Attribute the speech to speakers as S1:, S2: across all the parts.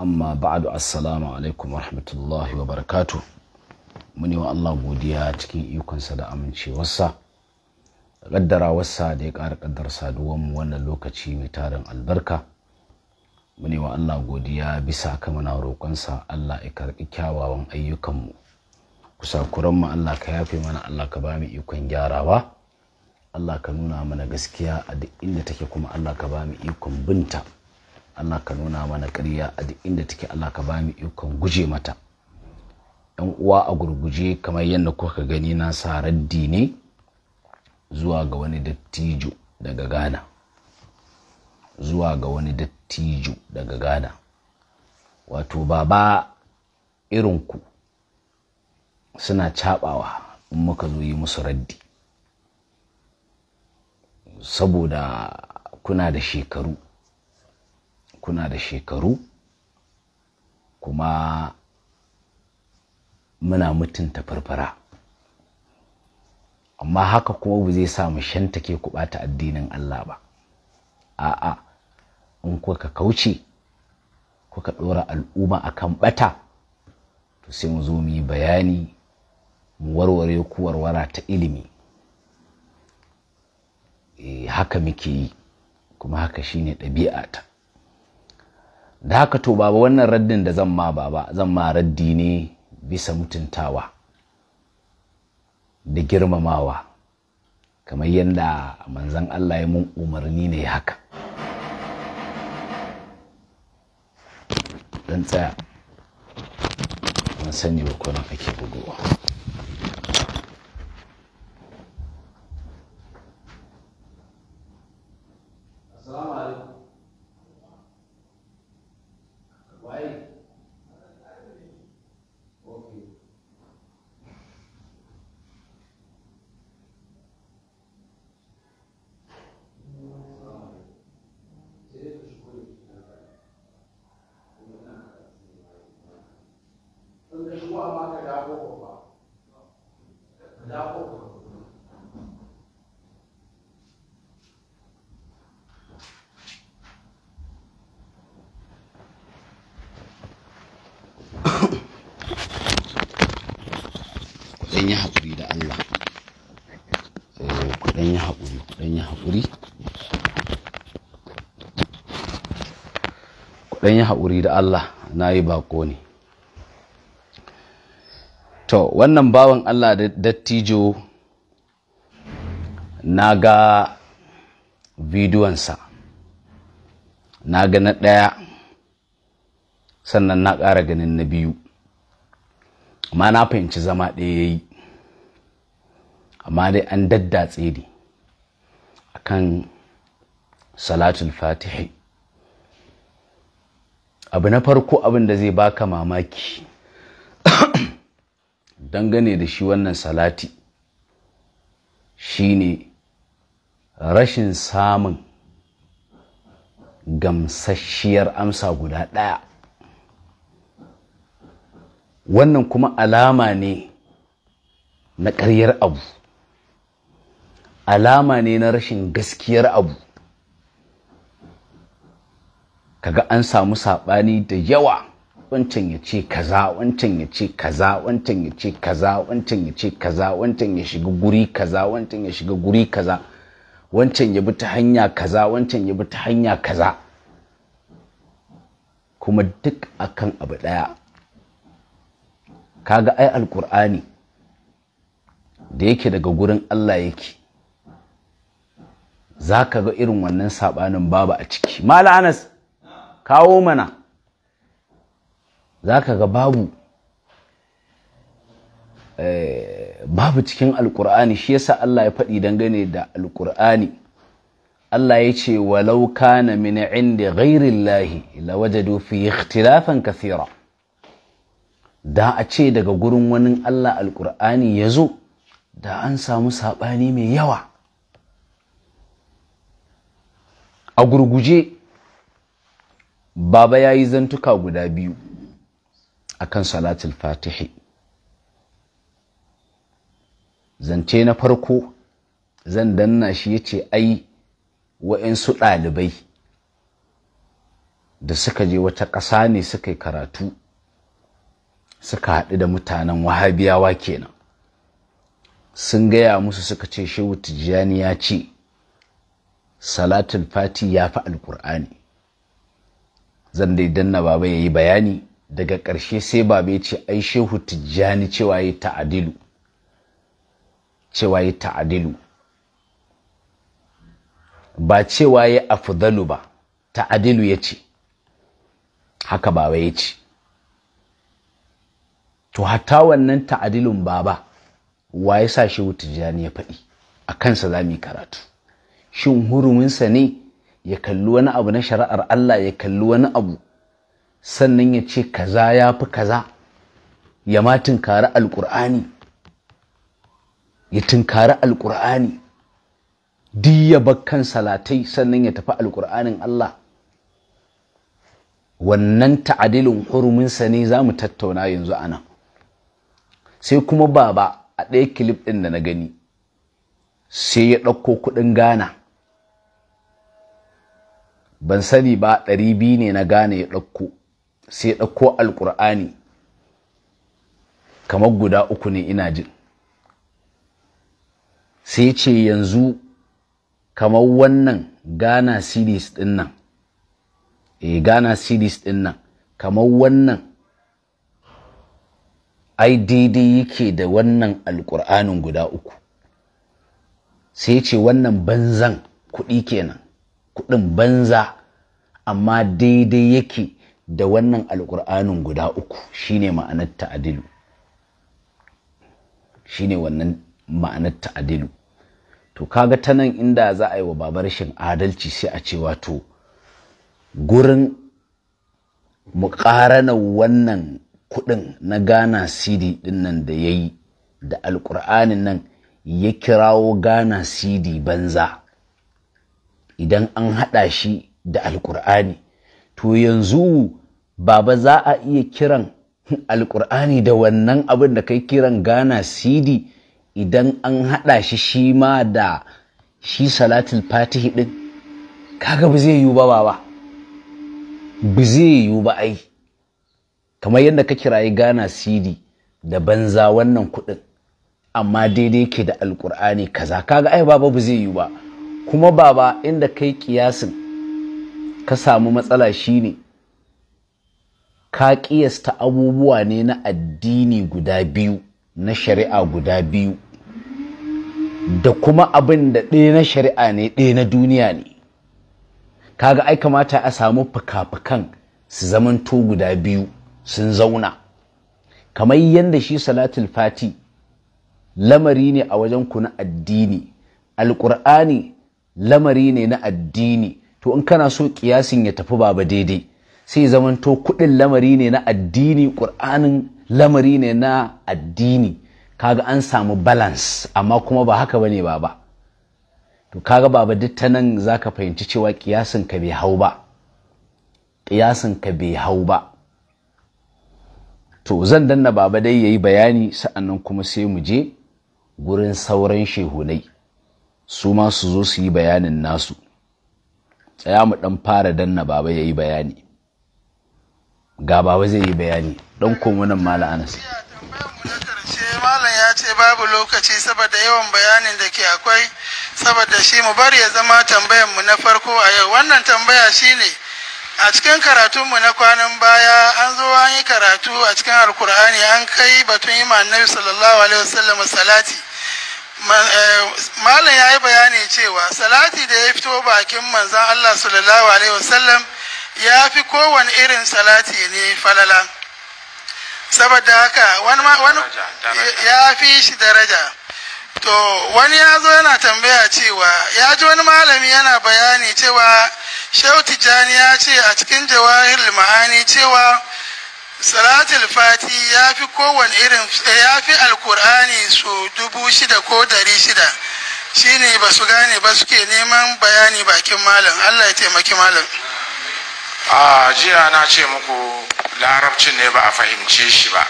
S1: amma ba'adu assalamu alaikum warahmatullahi wa barakatu muni wa Allah godiya cikin ikonsa da amincewarsa gaddara wasa da ya ƙara kaddar saduwan mu wannan lokaci mai tarin albarka muni wa Allah godiya bisa ka muna roƙonsa Allah ya karɓi kyawawan ayyukanmu kusakuran mu Allah ka yafe mana Allah ka ba mu ikon gyarawa Allah ka nuna mana gaskiya a duk inda take kuma Allah ka ba ikon binta Allah ka nuna mana ƙarya a duk inda take Allah ka bani ikon guje mata yan uwa a gurguje kamar yadda kuka gani na sa raddi ne zuwa ga wani dattijo daga Ghana zuwa ga wani dattijo daga Ghana wato baba irinku suna cabawa in muka zo yi musu raddi saboda kuna da shekaru kuna da shekaru kuma muna mutunta farfara amma haka kuma ba zai sa mu shantake ku ɓata addinin Allah ba a'a in kuka kauce kuka ɗora al'umma akan bata, to sai mu zo mu yi bayani mu warware ku warwara ta ilimi eh, haka muke yi kuma haka shine ta. da haka to baba wannan raddin da zan ma baba zan ma raddi ne bisa mutuntawa da girmamawa kamar yadda manzan Allah ya mun umarni ne haka dan tsaya ban sani ba kwanan ake bugowa ɗan yi haƙuri da Allah na yi bako ne to wannan bawan Allah da dattijo na ga bidiyonsa na ga na ɗaya sannan na ƙara ganin na biyu amma na fahimci zama ɗaya ya yi amma dai an daddatse ne akan salatul fatihi abu na farko abin da zai baka mamaki dangane da shi wannan salati shine rashin samun gamsasshiyar amsa guda ɗaya wannan kuma alama ne na ƙaryar abu alama ne na rashin gaskiyar abu kaga an samu saɓani da yawa wancan ya ce kaza wancan ya ce kaza wancan ya ce kaza wancan ya ce kaza wancan ya shiga guri kaza wancan ya shiga guri kaza wancan ya bi ta hanya kaza wancan ya bi ta hanya kaza kuma duk akan abu ɗaya kaga ai alkur'ani da yake daga gurin Allah yake za ka ga irin wannan sabanin babu a ciki mala anas kawo mana za ka ga babu eh, babu cikin alkur'ani shi yasa Allah ya faɗi dangane da alkur'ani Allah ya ce walau kana min inda ghairillahi dofi fi ikhtilafan kathira da a ce daga gurin wani Allah alkur'ani ya zo da an samu saɓani mai yawa a gurguje baba ya yi zantuka guda biyu a akan salatul fatihi zance na farko zan danna shi ya ce ai wa'insu ɗalibai da suka je wata ƙasa ne suka yi karatu suka haɗu da mutanen wahabiyawa kenan sun gaya musu suka ce shehu tijjani ya ce salatul fati ya fi alƙur'ani zan dai danna baba ya yi bayani daga ƙarshe sai baba ya ce ai shehu tijjani cewa ya ta'adilu cewa ya ta'adilu ba cewa ya afdalu ba ta'adilu ya ce haka baba ya ce to hata wannan ta'adilun baba wa ya sa shehu tijjani ya faɗi a kansa za mu yi karatu shin huruminsa ne ya kalli wani abu na shari'ar Allah ya kalli wani abu sannan ya ce kaza ya fi kaza ya ma tunkari alƙur'ani ya tunkari alƙur'ani duk bakkan salatai sannan ya tafi alƙur'anin Allah wannan ta'adilin hurminsa ne za mu tattauna yanzu a sai kuma baba a ɗaya kilif ɗin da na gani sai ya ɗauko kuɗin gana. ban sani ba ɗari biyu ne na gane ya ɗauko sai ɗauko alƙur'ani kamar guda uku ne ina jin sai ce yanzu kamar wannan ghana series ɗin nan e ghana series ɗin nan kamar wannan IDD yake da wannan alƙur'anin guda uku sai ce wannan banzan kuɗi kenan Kudin banza amma daidai yake da wannan alƙur'anin guda uku shine ma'anar ta'adilu shine wannan ma'anar ta'adilu to kaga ta nan inda za a yi wa babar shin adalci sai a ce wato gurin muƙarana wannan kuɗin na ghana cd ɗin nan da ya yi da alƙur'anin nan ya kirawo ghana cd banza idan an haɗa shi da alƙur'ani to yanzu baba za a iya kiran alƙur'ani da wannan abin da kai kiran gana sidi idan an haɗa shi shi ma da shi salatul fatihi ɗin kaga ba zai yiwu ba baba ba zai yiwu ba ai kamar yadda ka kirayi gana sidi da banza wannan kuɗin amma daidai ke da alƙur'ani kaza kaga ai baba ba zai yiwu ba kuma baba inda kai kiyasin ka samu matsala shine ka kiyasta abubuwa ne na addini guda biyu na shari'a guda biyu da kuma abin da ɗaya na shari'a ne ɗaya na duniya ne kaga ai kamata a samu fuka-fukan su zamanto guda biyu sun zauna kamar yadda shi salatul fati lamari ne a wajen ku na addini Alkur'ani. lamari ne na addini to in kana so kiyasin ya tafi baba daidai sai zamanto kuɗin lamari ne na addini ƙur'anin lamari ne na addini kaga an samu balance amma kuma ba haka bane baba to kaga baba duk ta nan zaka fahimci cewa kiyasin ka bai hau ba kiyasin ka bai hau ba to zan danna baba dai yayi bayani sa'annan kuma sai mu je gurin sauran shehunai su ma su zo su yi bayanin nasu tsaya mu dan fara danna baba ya yi bayani ga baba zai yi bayani dan nan mala
S2: anas malam ya babu lokaci saboda yawan bayanin da ke akwai saboda shi mu bari ya zama tambayar mu na farko a yau wannan tambaya shine a cikin karatunmu na kwanan baya an zo an yi karatu a cikin alkur'ani an kai batun yi annabi sallallahu alaihi wasallam salati Eh, malam ya yi bayani cewa salati da ya fito bakin manzan Allah sallallahu alaihi wasallam ya fi kowane irin salati ne falala saboda haka wani ya fi shi daraja to wani ya zo yana tambaya cewa ya ji wani malami yana bayani cewa shautijani ya ce a cikin jawahir ma'ani cewa salatul fati ya fi kowane irin ya fi alkur'ani su dubu shida ko dari shida shine ba su gane ba suke neman bayani bakin malam allah ya taimaki malam
S3: a jiya na ce muku larabcin ne ba a fahimce shi ba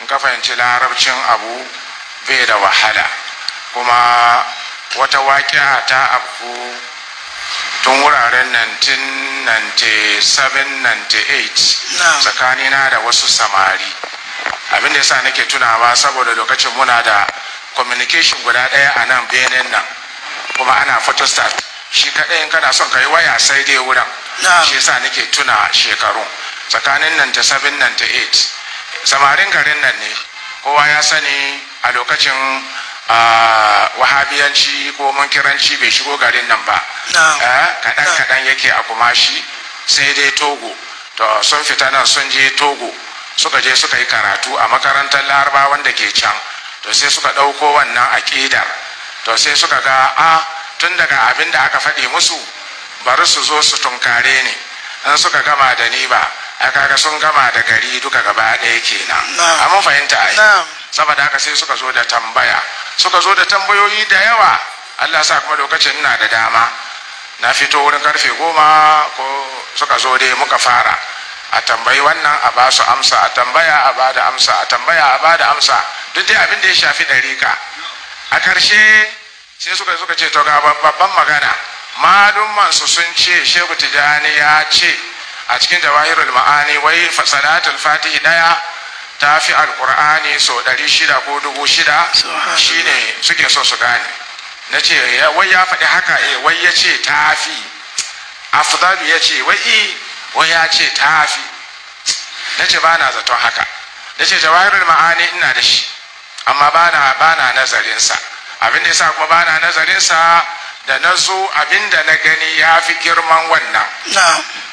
S3: in ka fahimci larabcin abu bai da wahala kuma wata waƙiya ta abu tun wuraren 1997-98 na da wasu samari abin da yasa nake tunawa saboda lokacin muna da communication guda ɗaya a nan benin nan kuma ana photostat shi kaɗai in kana son ka yi waya sai dai wurin shi yasa nake tuna shekarun tsakanin 1997 98 samarin garin nan ne kowa ya sani a lokacin wahabiyanci ko munkiranci bai shigo garin nan ba eh, kaɗan kaɗan yake a kumashi sai dai togo to sun fita nan sun je togo suka je suka yi karatu a makarantar laraba wanda ke can to sai suka ɗauko wannan aƙidar to sai suka ga a tun daga abin da aka faɗi musu bari su zo su tunkare ni in suka gama da ni ba a kaga sun gama da gari duka gaba ɗaya kenan amma fahimta yi saboda haka sai suka zo da tambaya suka zo da tambayoyi da yawa Allah sa kuma lokacin na da dama na fito wurin karfe goma ko suka zo dai muka fara a tambayi wannan a ba su amsa a tambaya a ba da amsa a tambaya a ba da amsa duk dai abin da ya shafi ka. a ƙarshe sai suka suka ce to ga babban magana malumman su sun ce shehu tijani ya ce a cikin jawahirul ma'ani wai salatul fatihi daya ta fi alkur'ani so ɗari shida ko dubu shida shine suke so su gane na ce eh, wai ya faɗi haka e wai ya ce ta fi ya ce wai wai ya ce ta fi na ce ba na zaton haka na ce jawarar ma'ani ina da shi amma ba na nazarinsa abin da yasa kuma ba na nazarinsa da na zo abin da na gani ya fi girman wannan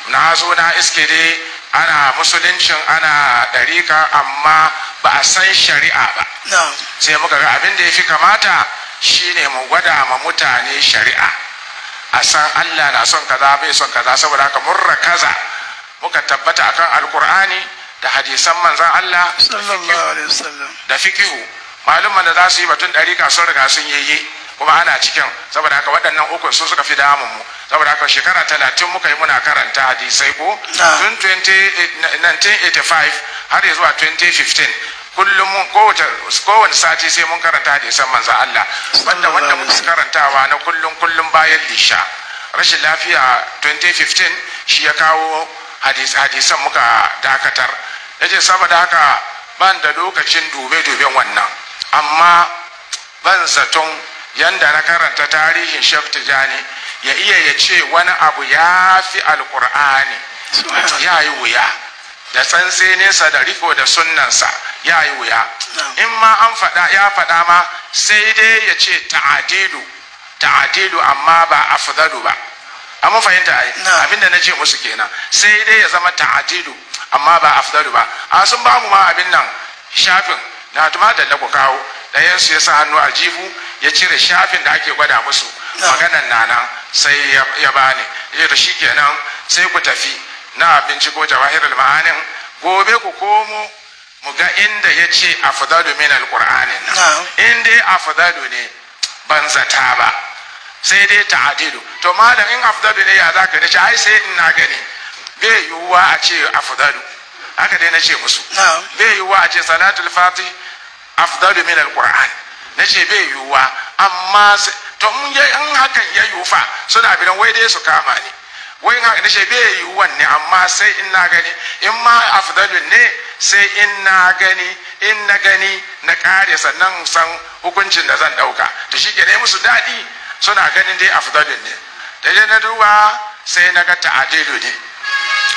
S3: na zo na iske dai ana musuluncin ana ɗarika amma ba a san shari'a ba sai muka ga abin da ya fi kamata shine mu gwada ma mutane shari'a a san allah na son kaza bai son kaza saboda haka murra kaza muka tabbata akan alkur'ani da hadisan manzan allah da fikihu malumman da za su yi batun ɗarika sun riga sun yi kuma ana cikin saboda haka waɗannan uku su suka fi damun mu saboda haka shekara talatin muka yi muna karanta hadisai ko tun 1985 har zuwa 2015 kullum mun kowane sati sai mun karanta hadisan manzan Allah wanda wanda muke karantawa na kullum kullum bayan lisha rashin lafiya 2015 shi ya kawo hadisan muka dakatar yace saboda haka ban da lokacin dube-duben wannan amma ban zaton yanda na karanta tarihin shaf tijani ya iya ya ce wani abu ya fi alkur'ani ya yi wuya da tsantse da riko da sunnansa ya yi wuya in ma an faɗa ya faɗa ma sai dai ya ce ta'adilu ta'adilu amma ba a afdalu ba amma fahimta ai abinda na ce musu kenan sai dai ya zama ta'adilu amma ba a afdalu ba a sun ba mu ma abin nan shafin na tuma da ku kawo ɗayansu ya sa hannu a jifu ya cire shafin da ake gwada musu maganan na nan sai ya bani ya da shi kenan sai ku tafi na binciko al ma'anin gobe ku komo mu ga inda ya ce afdalu min na. in dai afdalu ne ban zata ba sai dai ta'adilu to malam in afdalu ne ya zaka dace ai sai in na gani bai yiwuwa a ce afdalu haka dai na ce musu bai yiwuwa a ce salatul fatih afdalu min alquran ce bai yiwuwa amma to mun ya an hakan ya yiwu fa suna bidan wai dai su kama ni wai haka ce bai yiwuwan ne amma sai in na gani in ma afdalu ne sai in na gani in na gani na kare sannan san hukuncin da zan dauka to shi ke musu dadi suna ganin dai afdalu ne dai na duba sai na ga ta'adilu ne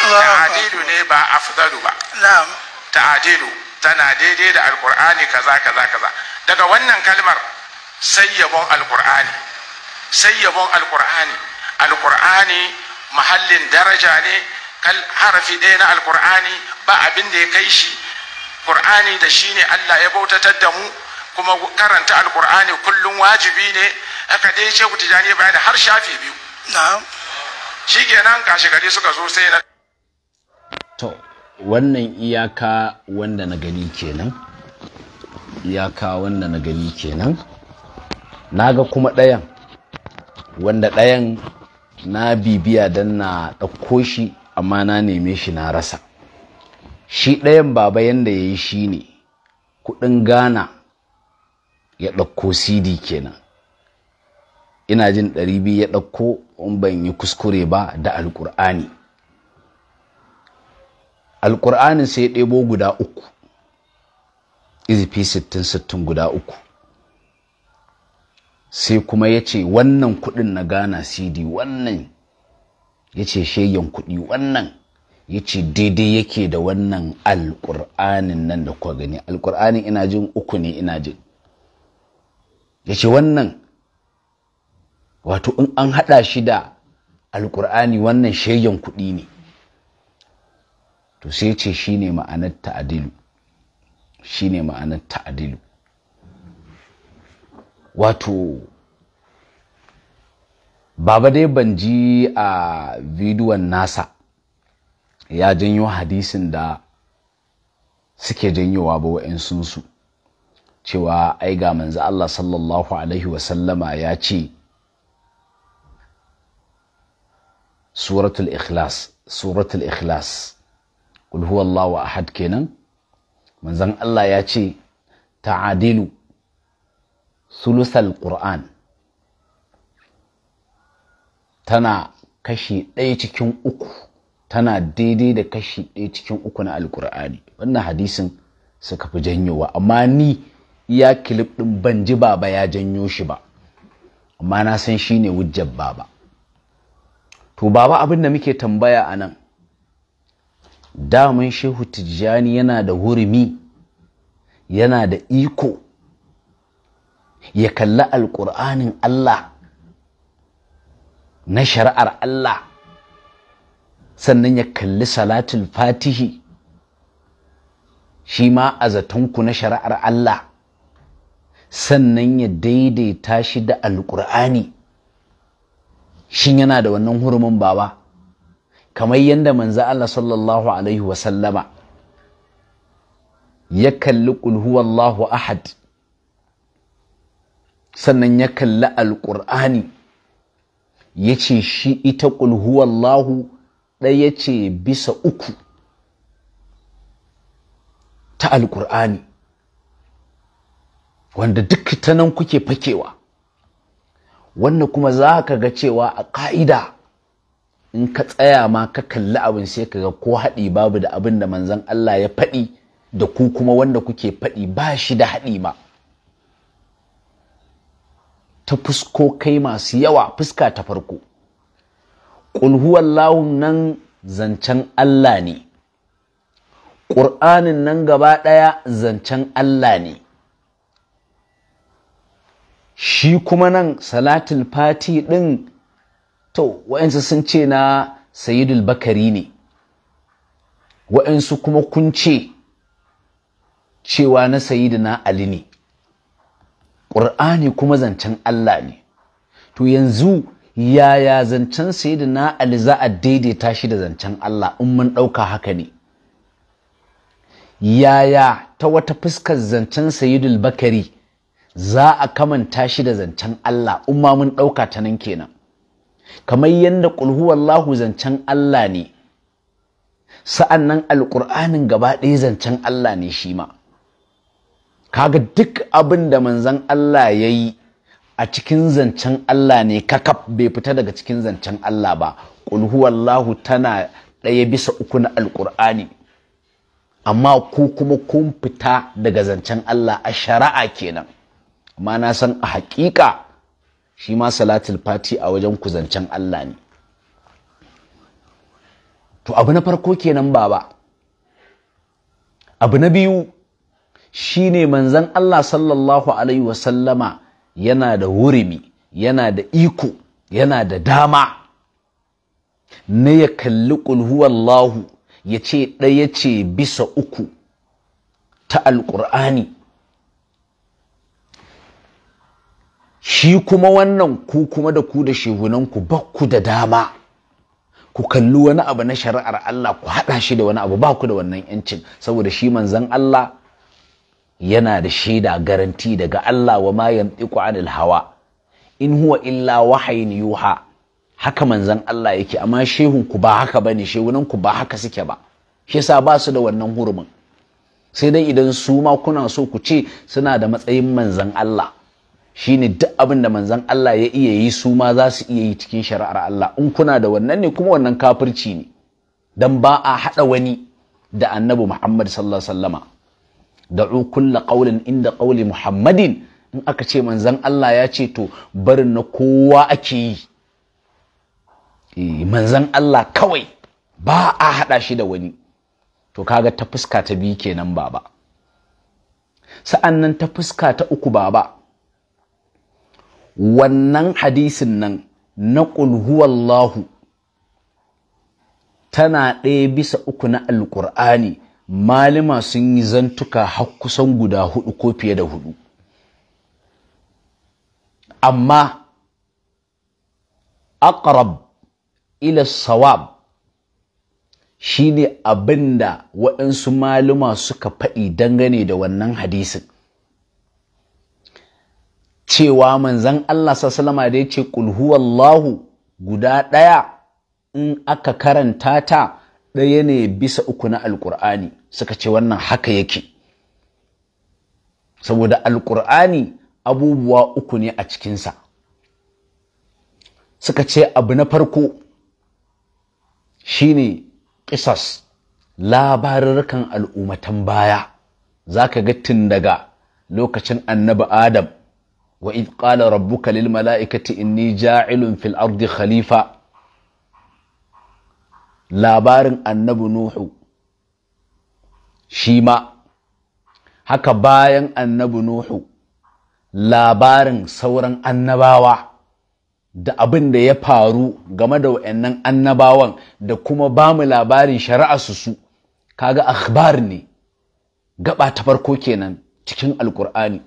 S3: ta'adilu ne ba afdalu ba ta'adilu tana daidai da alkur'ani kaza kaza kaza daga wannan kalmar sayyabon alkur'ani sayyabon alkur'ani alkur'ani mahallin daraja ne kal harafi ɗaya na alkur'ani ba abin da ya kai shi qur'ani da shi ne allah ya bautatar da mu kuma karanta alkur'ani kullum wajibi ne aka dai ce ku tijani bayan har shafi biyu na'am shikenan kashi gari suka
S1: zo sai na to wannan iyaka wanda na gani kenan iyaka wanda na gani kenan na ga kuma ɗayan wanda ɗayan na bibiya don na ɗauko shi amma na neme shi na rasa shi ɗayan baba yanda ya yi shi ne kuɗin ghana ya ɗauko cd kenan ina jin ɗari biyu ya ɗauko in ban yi kuskure ba da alƙur'ani alƙur'anin sai ya ɗebo guda uku izifi sittin sittin guda uku sai kuma ya ce wannan kuɗin na gana cd wannan ya ce shayyan kuɗi wannan ya ce daidai yake da wannan alƙur'anin nan da kuwa gani alƙur'anin ina jin uku ne ina jin ya ce wannan wato in an haɗa shi da alƙur'ani wannan shayyan kuɗi ne to sai ce shine ma'anar ta'adilu shine ma'anar ta'adilu wato baba dai ban ji a vidiyon nasa ya janyo hadisin da suke janyowa ba su, cewa ai ga manzo Allah sallallahu alaihi wasallama ya ce suratul ikhlas suratul ikhlas kul a ahad kenan manzon Allah ya ce ta'adilu sulusal qur'an tana kashi ɗaya cikin uku tana daidai da kashi ɗaya cikin uku na alkur'ani wannan hadisin suka fi janyowa amma ni iya kilif ɗin ban ji baba ya janyo shi ba amma na san shine ne baba to baba abin da muke tambaya anan. Daman shehu tijjani yana da hurumi yana da iko ya kalli alƙur'anin Allah na shari'ar Allah sannan ya kalli salatul fatihi shi ma a zatonku na shari'ar Allah sannan ya daidaita shi da alƙur'ani shin yana da wannan hurumin baba kamar yadda manzo Allah sallallahu alaihi wasallama ya kalli qul huwallahu ahad sannan ya kalli alqur'ani yace shi ita qul huwallahu ɗaya ce bisa uku ta alqur'ani wanda duk ta nan kuke fakewa wannan kuma za ka ga cewa a ka'ida. in ka tsaya ma ka kalli abin sai ka ga ko haɗi babu da abin da manzon Allah ya faɗi da ku kuma wanda kuke faɗi ba shi da haɗi ma ta fusko kai masu yawa fuska ta farko lawun nan zancen Allah ne ƙur'anin nan gaba ɗaya zancen Allah ne shi kuma nan salatul fati ɗin to wa'ansu sun ce na sayidul bakari ne wa'ansu kuma kun ce cewa na sayidina ali ne ƙur'ani kuma zancen Allah ne to yanzu yaya zancen sayidina ali za a daidaita shi da zancen Allah in mun ɗauka haka ne yaya ta wata fuskar zancen sayidul bakari za a kamanta shi da zancen Allah in mun ɗauka ta nan kenan kamar yadda Lahu zancen Allah ne sa'an nan alƙur'anin gaba ɗaya zancen Allah ne shi ma kaga duk abin da manzan Allah ya yi a cikin zancen Allah ne kakaf bai fita daga cikin zancen Allah ba Lahu tana ɗaya bisa uku na alƙur'ani amma ku kuma kun fita daga zancen Allah a shari'a kenan amma na san a haƙiƙa shi ma salatul fati a wajen kuzancen Allah ne to abu na farko kenan baba abu na biyu shine manzan Allah sallallahu alaihi wasallama yana da wurimi yana da iko yana da dama na ya kalli Lahu, ya ce ɗaya ce bisa uku ta alƙur'ani shi kuma wannan ku kuma da ku da shehunanku ba ku da dama ku kalli wani abu na shari'ar Allah ku haɗa shi da wani abu ba ku da wannan yancin saboda shi manzon Allah yana da shaida garanti daga Allah wa ma yantiqu anil hawa in huwa illa wahayin yuha haka manzon Allah yake amma shehun ku ba haka bane shehunan ku ba haka suke ba shi yasa ba su da wannan hurumin sai dai idan su ma kuna so ku ce suna da matsayin manzon Allah shine duk abin da manzon Allah ya iya yi su ma za su iya yi cikin shari'ar Allah in kuna da wannan ne kuma wannan kafirci ne dan ba a haɗa wani da annabi Muhammad sallallahu alaihi wasallama da'u kullu qawlin inda qawli Muhammadin in aka ce manzon Allah ya ce to barin na kowa ake yi eh, manzon Allah kawai ba a haɗa shi da wani to kaga ta fuska ta biyu kenan baba sa'an nan ta fuska ta uku baba wannan hadisin nan na ƙulhuwallahu tana ɗaya bisa uku na alƙur'ani malima sun yi zantuka har kusan guda hudu ko fiye da hudu amma aqrab ila sawab shine abinda waɗansu maluma suka faɗi dangane da wannan hadisin cewa manzan Allah sallama da ya ce Allahu guda ɗaya in aka karanta ta ɗaya ne bisa uku na alƙur'ani suka ce wannan haka yake saboda alƙur'ani abubuwa uku ne a cikinsa suka ce abu na farko shine ƙisas labarurkan al'ummatan baya za ka ga tun daga lokacin annabi adam wa idh qala rabbuka lil mala'ikati inni ja'ilun fil ardi khalifa labarin annabi nuhu shi ma haka bayan annabi nuhu labarin sauran annabawa da abin da ya faru game da wa'annan annabawan da kuma ba mu labarin shari'arsu su kaga akhbar ne gaba ta farko kenan cikin alkur'ani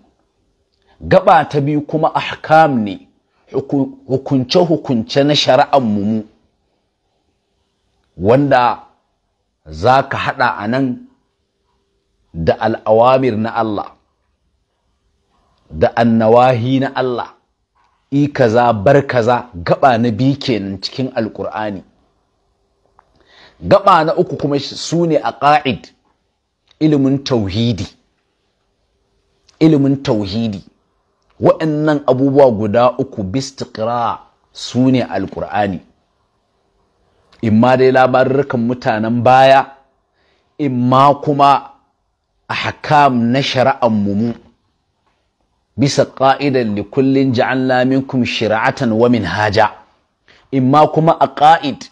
S1: gaba ta biyu kuma ahkam ne hukunce-hukunce na shari'an mu wanda za ka haɗa a nan da al'awamir na Allah da annawahi na Allah i kaza bar kaza gaba na biyu kenan cikin alkur'ani gaba na uku kuma su ne a ƙa'id ilimin tauhidi ilimin tauhidi wa'annan abubuwa guda uku bistiqra su ne alƙur'ani imma dai labarurrukan mutanen baya imma kuma a hakam na shari'an mu bisa ƙa'idar likullin ja'anna minkum shari'atan wa haja. imma kuma a ƙa'id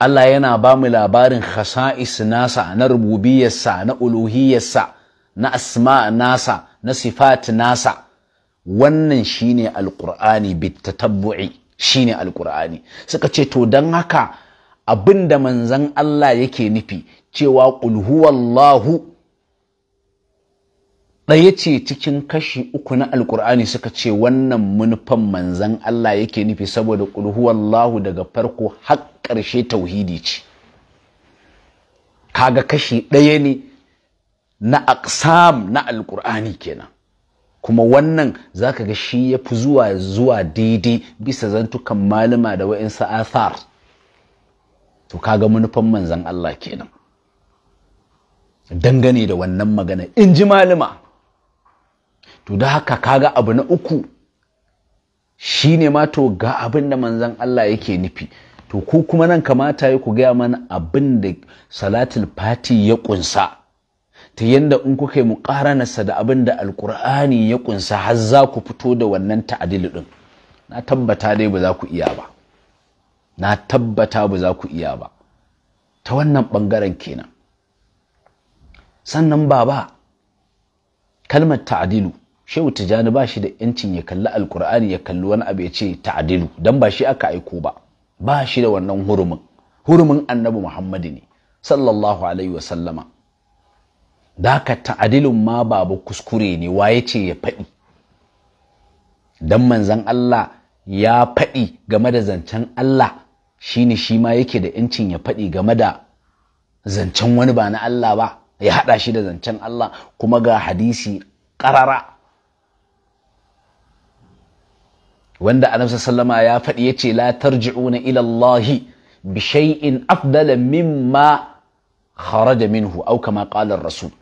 S1: Allah yana ba mu labarin khasa'is nasa na rububiyarsa na uluhiyarsa na asma nasa na sifat nasa wannan shine alqur'ani bitatabbu'i shine alqur'ani suka ce to dan haka abinda manzon Allah yake nufi cewa qul huwallahu ɗaya ce cikin kashi uku na alkur'ani suka ce wannan munufan manzan Allah yake nufi saboda ƙulhuwallahu daga farko har ƙarshe tauhidi ce kaga kashi ɗaya ne na aqsam na alqur'ani kenan kuma wannan zaka ga shi ya fi zuwa zuwa daidai bisa zantukan malama da wa'insu athar to kaga manufan manzan Allah kenan dangane da wannan magana in ji malama to da haka kaga abu na uku shine ma to ga abin da manzan Allah yake nufi to ku kuma nan kamata yi ku gaya mana abin da salatul fati ya ƙunsa? ta yanda in kuka yi muƙaranarsa da abin da alkur'ani ya ƙunsa har za ku fito da wannan ta'adilu. ɗin na tabbata dai ba za ku iya ba na tabbata ba za ku iya ba ta wannan ɓangaren kenan sannan ba ba kalmar ta'adilu shehu tijjani ba shi da yancin ya kalli alkur'ani ya kalli wani abu ya ce ta'adilu don ba shi aka aiko ba ba shi da wannan hurumin hurumin annabi muhammadu ne sallallahu alaihi wa sallama da ka ta'adilun ma babu kuskure ne waye ce ya faɗi dan manzan Allah ya faɗi game da zancen Allah ne shi ma yake da ‘yancin ya faɗi game da zancen wani ba na Allah ba ya haɗa shi da zancen Allah kuma ga hadisi ƙarara wanda anamsa sallama ya faɗi ya ce la tarji'una ila Allahi bi shay'in afdala mimma kharaja minhu au kama ƙalar rasul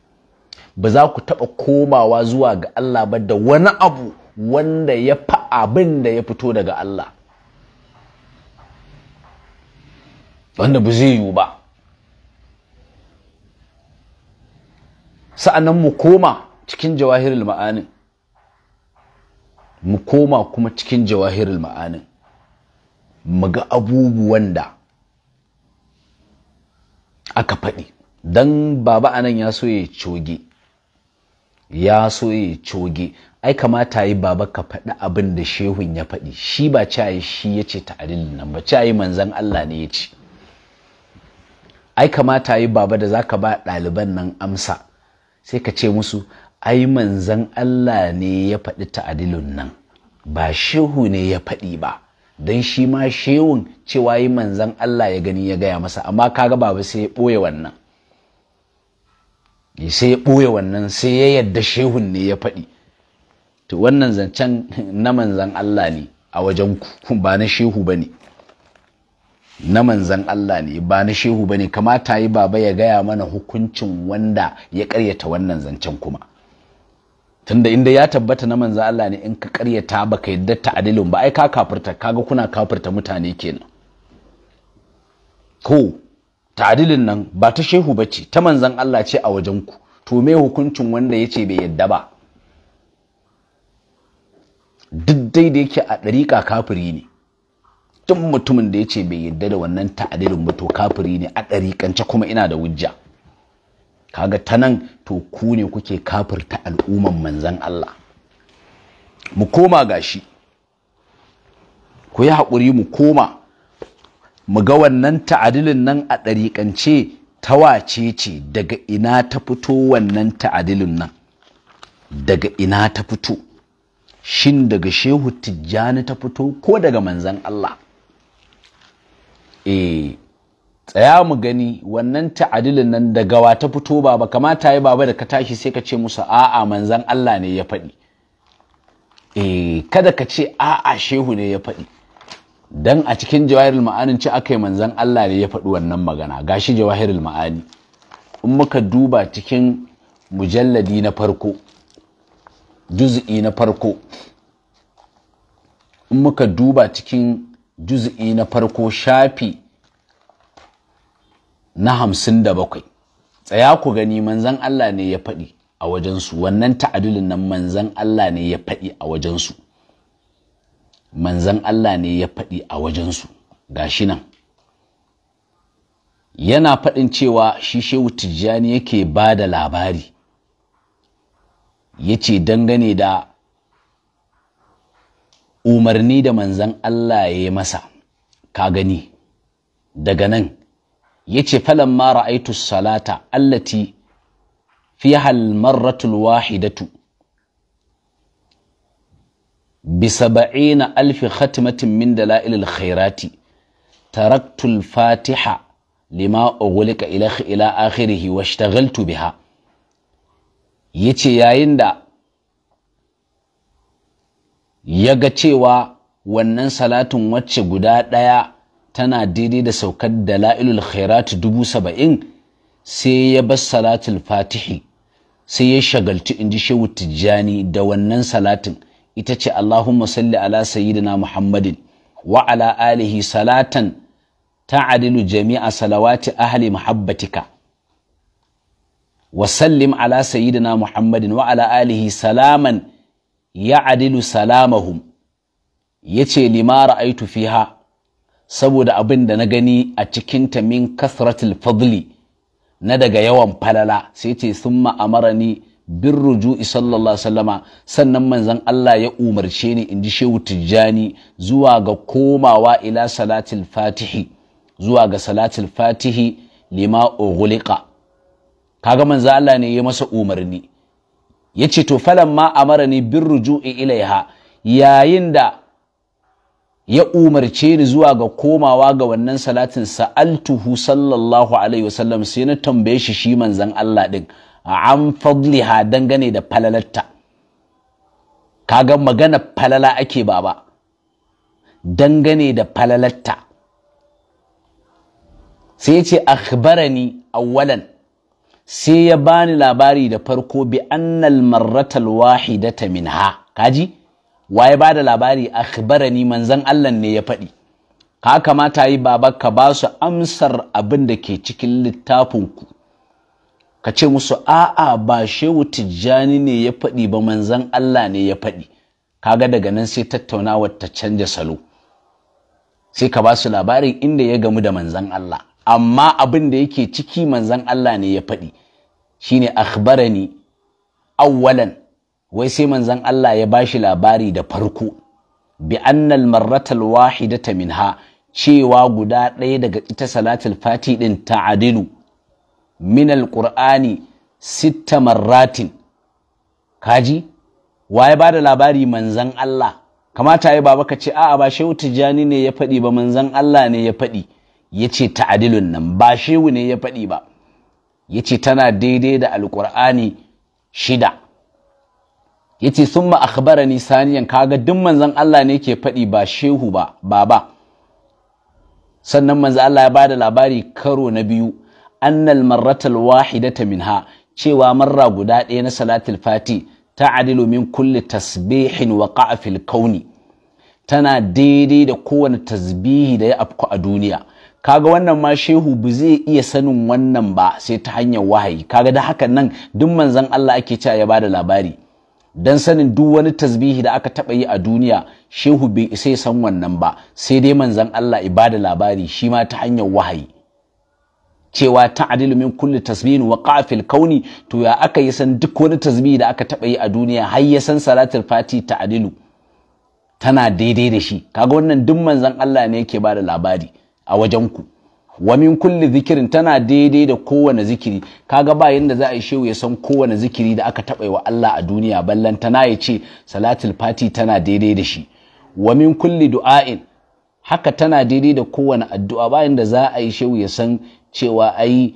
S1: ba za ku taɓa komawa zuwa ga Allah ba da wani abu wanda ya fi abin da ya fito daga Allah wanda ba zai yiwu ba sa'annan mu koma cikin jawahirul ma'anin mu koma kuma cikin jawahirul ma'anin mu ga abubuwan da aka faɗi don baba anan ya so ya coge ya so ya coge ai kamata yi baba ka faɗi abin da shehun ya faɗi shi ba cayi shi ya ce ta'arin nan ba cayi manzan Allah ne ya ce ai kamata yi baba da zaka ba ɗaliban nan amsa sai ka ce musu ai manzan Allah ne ya faɗi ta'adilun nan ba shehu ne ya faɗi ba don shi ma shehun cewa yi manzan Allah ya gani ya gaya masa amma kaga baba sai ya ɓoye wannan sai ya ɓoye wannan sai ya yarda shehun ne ya faɗi to wannan zancen na manzan Allah ne a wajen ku ba na shehu ba na manzan Allah ne ba na shehu ba ne kamata yi baba ya gaya mana hukuncin wanda ya karyata wannan zancen kuma tunda inda ya tabbata na manzan Allah ne in ka karyata ba ka yadda adilin ba ai ka kafirta kaga kuna kafirta mutane kenan ko ta'adilin nan ba ta shehu ba ce ta manzan Allah ce a wajenku to me hukuncin wanda ya ce bai yadda ba duk dai da yake a ɗariƙa kafiri ne duk mutumin da ya ce bai yadda da wannan ta'adilin ba to kafiri ne a ɗariƙance kuma ina da wujja kaga ta nan to ku ne kuke kafirta al'umman manzan Allah mu koma gashi ku yi haƙuri mu koma mu ga wannan ta'adilin nan a ɗariƙance ta wace ce daga ina ta fito wannan ta'adilin nan daga ina ta fito shin daga shehu tijjani ta fito ko daga manzan Allah eh tsaya mu gani wannan ta'adilin nan daga wa ta fito ba ba kamata yi baba da ka tashi sai ka ce musu a'a manzan Allah ne ya faɗi eh kada ka ce a'a shehu ne ya faɗi dan a cikin jawahirul ma'anin ci aka yi manzan Allah ne ya faɗi wannan magana gashi jawahirul ma'ani in muka duba cikin mujalladi na farko juz'i na farko in muka duba cikin juz'i na farko shafi na hamsin da bakwai tsaya ku gani manzan Allah ne ya faɗi a wajensu wannan ta'adulin nan manzan Allah ne ya faɗi a wajensu manzan Allah ne ya faɗi a wajensu ga shi nan yana faɗin cewa shi shehu tijjani yake ba da labari ya ce dangane da umarni da manzan Allah ya yi masa ka gani daga nan ya ce falon mara aitu salata allati fi halmarratul wahidatu bisaba'ina saba'ina alfi khatimatin min dala'ilil khairati taraktul fatiha lima ogulika ila ila akhirih washtaghaltu biha yace yayin da ya ga cewa wannan salatin wacce guda ɗaya tana daidai da saukar da la'ilul khairati dubu saba'in sai ya bar salatul fatihi sai ya shagaltu in ji shehu tijjani da wannan salatin ita ce Allahumma salli ala sayyidina Muhammadin wa ala alihi salatan ta'adilu jami'a salawati ahli muhabbatika wa sallim ala sayyidina Muhammadin wa ala alihi salaman ya'adilu salamahum yace lima ra'aitu fiha saboda abin da na gani a cikinta min kasratul fadli na daga yawan falala sai ce sun ma'amara ni bin ruju'i sallallahu sallama sannan manzan Allah ya umarce ni in ji shehu tijjani zuwa ga komawa ila salatil fatihi zuwa ga salatil fatihi lima ughliqa kaga manzan Allah ne ya masa umarni yace to falan ma amarani bin ruju'i ilaiha yayin da ya umarce ni zuwa ga komawa ga wannan salatin sa'altuhu sallallahu alaihi wasallam sai na tambaye shi shi manzan Allah din an fadliha dangane da falalarta kaga magana falala ake ba ba dangane da falalarta sai ya ce akhbarani awwalan sai ya bani labari da farko bi annal marratal wahidata minha kaji waye ba da labari akhbarani manzon Allah ne ya faɗi ka kamata yi baba ba su amsar abin da ke cikin littafinku ka ce musu a'a ba shehu tijjani ne ya faɗi ba manzan Allah ne ya faɗi kaga daga nan sai tattaunawar ta canja salo sai ka ba su labarin inda ya gamu da manzan Allah amma abin da yake ciki manzan Allah ne ya faɗi shine akhbarani Auwalan. wai sai manzan Allah ya ba shi labari da farko bi annal marratal wahidata minha cewa guda ɗaya daga ita salatul fati ɗin ta adilu min alqur'ani sitta marratin kaji waye ba da labari manzan Allah kamata ya baba ka ce a'a ba shehu tijjani ne ya faɗi ba manzan Allah ne ya faɗi ya ce ta'adilun nan ba shehu ne ya faɗi ba ya ce tana daidai da alƙur'ani shida ya ce sun ma akhbara ni saniyan kaga duk manzan Allah ne ke faɗi ba shehu ba baba sannan manzan Allah ya ba da labari karo na biyu annal marratal wahidata minha cewa marra guda ɗaya na salatul fati ta adilu min kulli tasbihin wa qa'fil kauni tana daidai da kowane tasbihi da ya afku a duniya kaga wannan ma shehu ba zai iya sanin wannan ba sai ta hanyar wahayi kaga da hakan nan duk manzon Allah ake cewa ya bada labari dan sanin duk wani tasbihi da aka taba yi a duniya shehu bai isa ya san wannan ba sai dai manzon Allah ibada labari shi ma ta hanyar wahayi cewa ta'adilu min kulli tasbihin wa qafil kauni to ya aka yi san duk wani tasbihi da aka taba yi a duniya har ya san salatul fati ta'adilu tana daidai da shi kaga wannan duk manzon Allah ne yake bada labari a wajen ku wa min kulli zikirin tana daidai da kowane zikiri kaga ba yanda za a yi shehu ya san kowane zikiri da aka taba taɓa wa Allah a duniya ballan tana ya ce salatul fati tana daidai da shi wa min kulli du'a'in haka tana daidai da kowane addu'a ba yanda za a yi shehu ya san cewa ai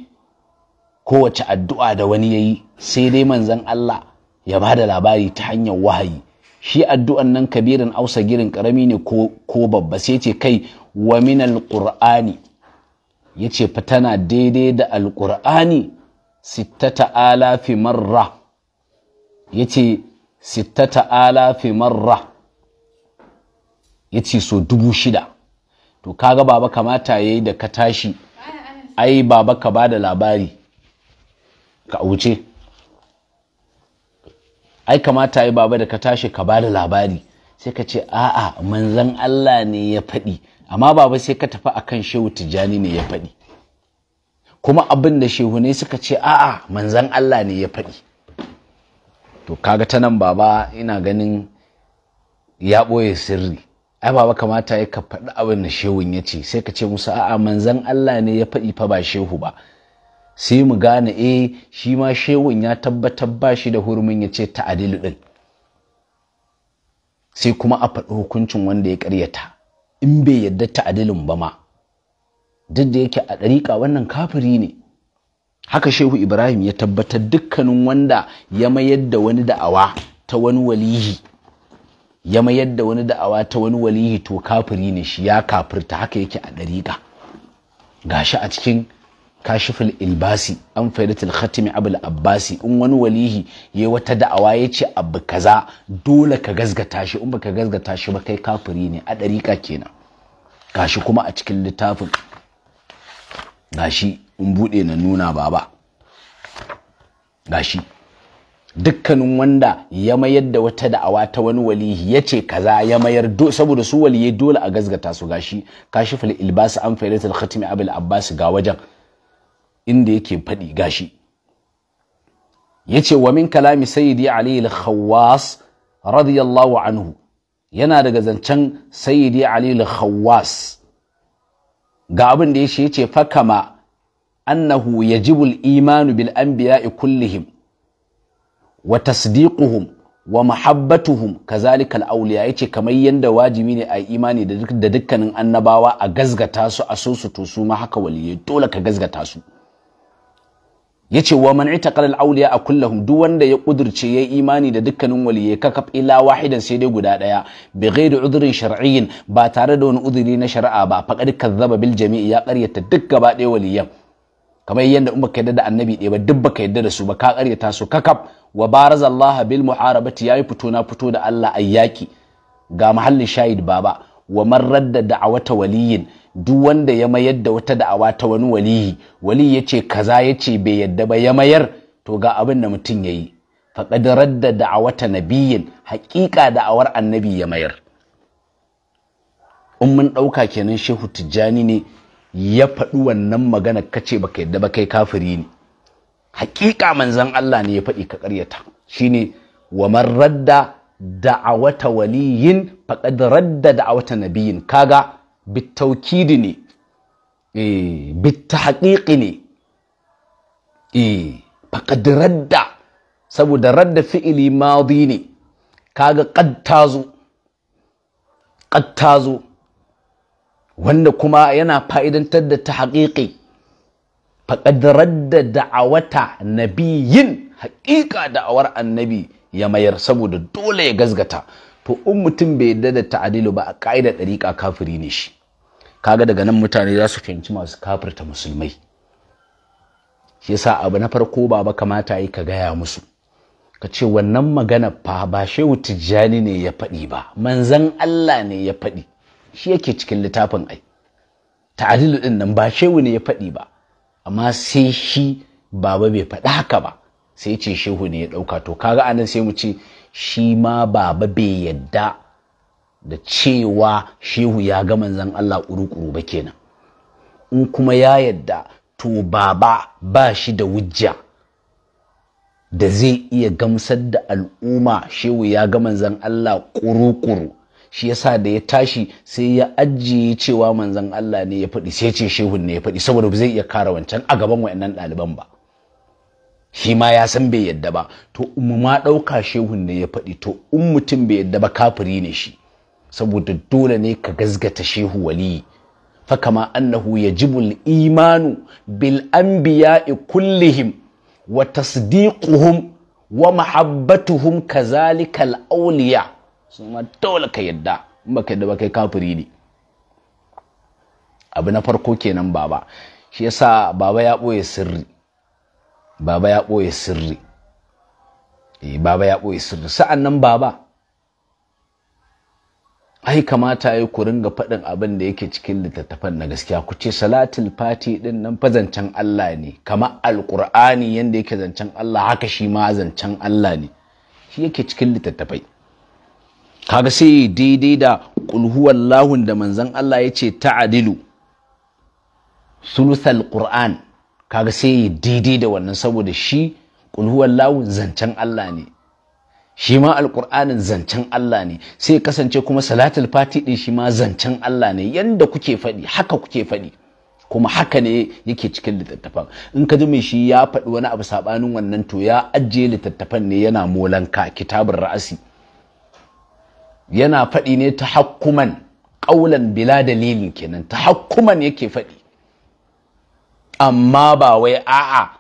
S1: kowace addu'a da wani ya yi sai dai manzan Allah ya ba da labari ta hanyar wahayi shi addu'an nan kabirin ausa girin karami ne ko babba sai ce kai wa min alqur'ani yace fa tana daidai da alqur'ani sittata alafi marra yace sittata alafi marra yace so dubu shida to kaga baba kamata yayi da ka tashi ai baba ka ba da labari ka wuce ai kamata ai baba da ka tashi ka ba da labari sai ka ce a'a manzan Allah ne ya faɗi amma baba sai ka tafi akan shehu tijjani ne ya faɗi kuma abin da ne suka ce a'a manzan Allah ne ya faɗi to kaga ta nan baba ina ganin ya ɓoye sirri ai baba kamata ya ka faɗi abin da shehun ya ce sai ka ce musu a'a manzan Allah ne ya faɗi fa ba shehu ba sai mu gane eh shi ma shehun ya tabbatar ba shi da hurumin ya ce ta'adilu din sai kuma a faɗi hukuncin wanda ya ƙaryata in bai yadda ta'adilin ba ma duk da yake a ɗariƙa wannan kafiri ne haka shehu ibrahim ya tabbatar dukkanin wanda ya mayar da wani da'awa ta wani walihi ya mayar da wani da'awa ta wani walihi to kafiri ne shi ya kafirta haka yake a ɗariƙa gashi a cikin kashiful ilbasi an faidatul khatimi abul abbasi in wani walihi ya wata da'awa ya ce abu kaza dole ka gazgata shi in baka gazgata shi ba kai kafiri ne a ɗarika kenan gashi kuma a cikin littafin gashi in bude na nuna baba gashi dukkanin wanda ya mayar da wata da'awa ta wani walihi ya ce kaza ya mayar saboda su waliye dole a gazgata su gashi kashifal ilbas an fayyadatul khatimi abul abbas ga wajen inda yake faɗi gashi yace wa min kalami sayyidi ali al-khawwas radiyallahu anhu yana daga zancen sayyidi ali al-khawwas ga abin da yace yace fakama annahu yajibu al-imanu bil anbiya'i kullihim wa tasdiquhum wa mahabbatuhum kazalika al-awliya yace kamar yanda wajibi ne a imani da dukkanin annabawa a gazgata su a so su to su ma haka waliyai dole ka gazgata su yace wa man itaqala al-awliya a kullahum duk wanda ya kudirce yayi imani da dukkanin waliyai kakaf ila wahidan sai dai guda daya bi ghairi udhrin shar'iyyin ba tare da wani udhuri na shari'a ba faqad kazzaba bil jami'i ya qaryata duk gaba daya waliyan kamar yadda in ka yadda da annabi ɗaya ba duk ba ka yadda da su ba ka karyata su kakab wa baraza Allah bil muharabati yayi fito na fito da Allah ayyaki ga mahallin shahid baba wa man radda da'awata waliyin duk wanda ya mayar da wata da'awa ta wani waliyi wali yace kaza yace bai yadda ba ya mayar to ga abin da mutum yayi faqad radda da'awata nabiyyin haƙiƙa da'awar annabi ya mayar in mun ɗauka kenan shehu tijjani ne ya faɗi wannan magana kace baka yadda ba kai kafiri ne haƙiƙa manzon Allah ne ya faɗi ka ƙaryata shine wa man radda da'awata waliyin faqad radda da'awata nabiyin kaga bitaukidi ne eh bitahqiqi ne eh faqad radda saboda radda fi'ili madi ne kaga qad tazo qad tazo wanda kuma yana fa'idantar da ta haƙiƙi faƙadarar da da'awata yin haƙiƙa da'awar annabi ya mayar saboda dole ya gazgata to in mutum bai yadda da ta'adilu ba a ƙa'idar ɗariƙa kafiri ne shi kaga daga nan mutane za su fahimci masu kafirta musulmai shi yasa abu na farko baba kamata yi ka gaya musu ka ce wannan magana fa ba shehu tijjani ne ya faɗi ba manzan Allah ne ya faɗi shi yake cikin littafin ai ta'adilu din nan ba shehu ne ya faɗi ba amma sai shi baba bai faɗi haka ba sai ce shehu ne ya ɗauka to kaga anan sai mu ce shi ma baba bai yadda da cewa shehu ya ga manzan Allah ƙuru-ƙuru ba kenan in kuma ya yadda to baba ba shi da wujja da zai iya gamsar da al'umma shehu ya ga manzan Allah ƙuruƙuru shi yasa da ya tashi sai ya ajiye cewa manzon Allah ne ya faɗi sai ce shehun ne ya faɗi saboda ba zai iya kara wancan a gaban wayannan ɗaliban ba shi ma ya san bai yadda ba to ummu ma ɗauka shehun ne ya faɗi to in mutum bai yadda ba kafiri ne shi saboda dole ne ka gazgata shehu waliyi fakama annahu yajibul imanu bil anbiya'i kullihim wa tasdiquhum wa mahabbatuhum kazalikal awliya' su ma dole ka yadda in ka yadda ba kai kafiri ne abu na farko kenan baba shi yasa baba ya ɓoye sirri baba ya ɓoye sirri eh baba ya ɓoye sirri sa'an nan baba ai kamata ya ku ringa faɗin abin da yake cikin littattafan na gaskiya ku ce salatul fati din nan fa zancen Allah ne kama alqur'ani yanda yake zancen Allah haka shi ma zancen Allah ne shi yake cikin littattafai kaga sai daidai da kulhuwar lahun da manzan Allah ya ce ta'adilu sulusal qur'an kaga sai daidai da wannan saboda shi kulhuwar lahun zancen Allah ne shi ma alƙur'anin zancen Allah ne sai kasance kuma salatul fati din shi ma zancen Allah ne yanda kuke faɗi haka kuke faɗi kuma haka ne yake cikin littattafan in ka ji mai shi ya faɗi wani abu saɓanin wannan to ya ajiye littattafan ne yana molanka kitabun ra'asi yana faɗi ne ta hakkuman ƙaulan bila dalilin kenan ta hakkuman yake faɗi amma ba wai a'a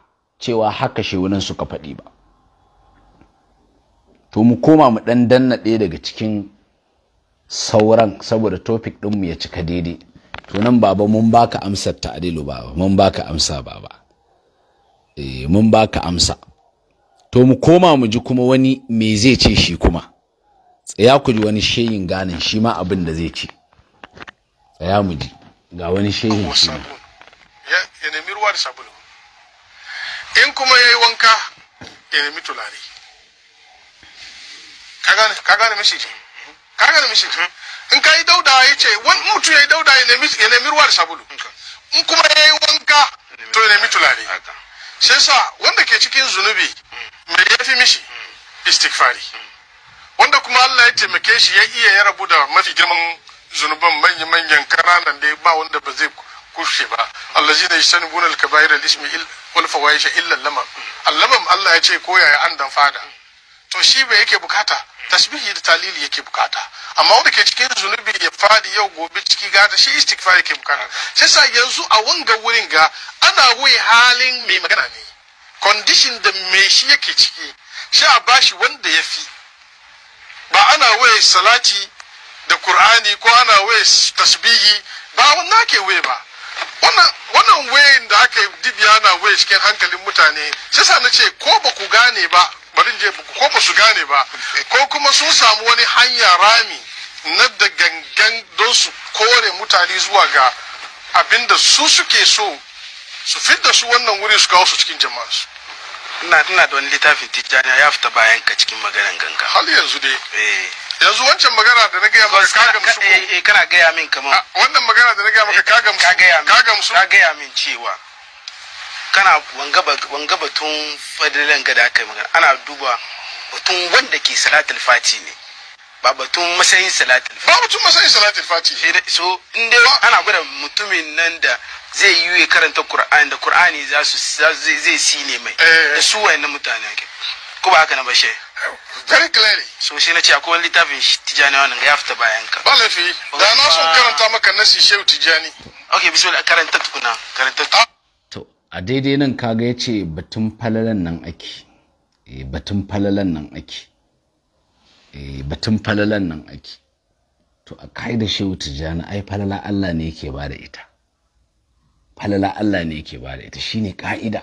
S1: cewa haka shewunan suka faɗi ba to mu koma mu ɗan danna ɗaya daga cikin sauran saboda topic ɗinmu ya cika daidai to nan baba mun baka amsar ta adilu baba mun baka amsa baba eh, mun baka amsa to mu koma mu ji kuma wani me zai ce shi kuma tsaya ku ji wani shehin ganin shi ma abin da zai ce tsaya mu ji ga wani shehin shi
S4: ya nemi ruwa da sabulu in kuma ya yi wanka ya nemi tulare ka gane mishi ka gane mishi mhm. in ka yi dauda ya ce wani mutu ya yi dauda ya nemi ruwa da sabulu in kuma ya yi wanka to ya nemi tulare sai sa wanda ke cikin zunubi mai yafi mishi mhm. istighfari mhm. wanda kuma Allah ya taimake shi ya iya ya rabu da mafi girman zunuban manyan manyan kananan da ba wanda ba zai kushe ba al-kaba'ira al-ismi wal fawaish illa lamam lamam Allah ya ce ko yaya an dan fada to shi ba yake bukata tasbihi da talili yake bukata amma wanda ke cikin zunubi ya fadi yau gobe ciki gata shi istighfar yake bukata sai sa yanzu a wanga wurin ga ana wai halin mai magana ne condition da me shi yake ciki sha bashi wanda ya fi ba ana waye salati da qur'ani ko ana waye tasbihi ba wannan ke waye ba wannan wannan da aka dibiya na waye cikin hankalin mutane sai sa ce ko ba ku gane ba bari je ko ba su gane ba ko kuma sun samu wani hanya rami na da gangan don su kore mutane zuwa ga abinda su suke so su fidda su wannan wuri su kawo su cikin su. ina ina da wani littafin tijjani ya fita bayan ka cikin maganan ganga. hal yanzu dai eh yanzu wancan magana
S5: da na gaya maka ka gamsu eh, eh kana gaya min kaman ah, wannan magana da na gaya maka ka eh, gamsu ka gamsu ka gaya min cewa kana wanga batun fadilan ga da aka magana ana duba batun wanda ke salatul fati ne ba batun matsayin salatul ba batun matsayin fati so inda ana gwada mutumin nan da zai yi wa karanta qur'ani da qur'ani za su zai ne mai eh. da su wayannan mutane ake ko ba haka na bashe very clearly so shi na ce akwai wani littafin tijani wannan ya fita bayan ka ba lafi da na so karanta maka nasi shehu tijani okay bismillah karanta
S1: tukuna karanta ah. to a daidai nan kaga yace batun falalan nan ake eh, batun falalan nan ake Eh, batun falalan nan ake to a ka'ida wuta jana ai falala Allah ne yake ba da ita falala Allah ne yake ba da ita shine ka'ida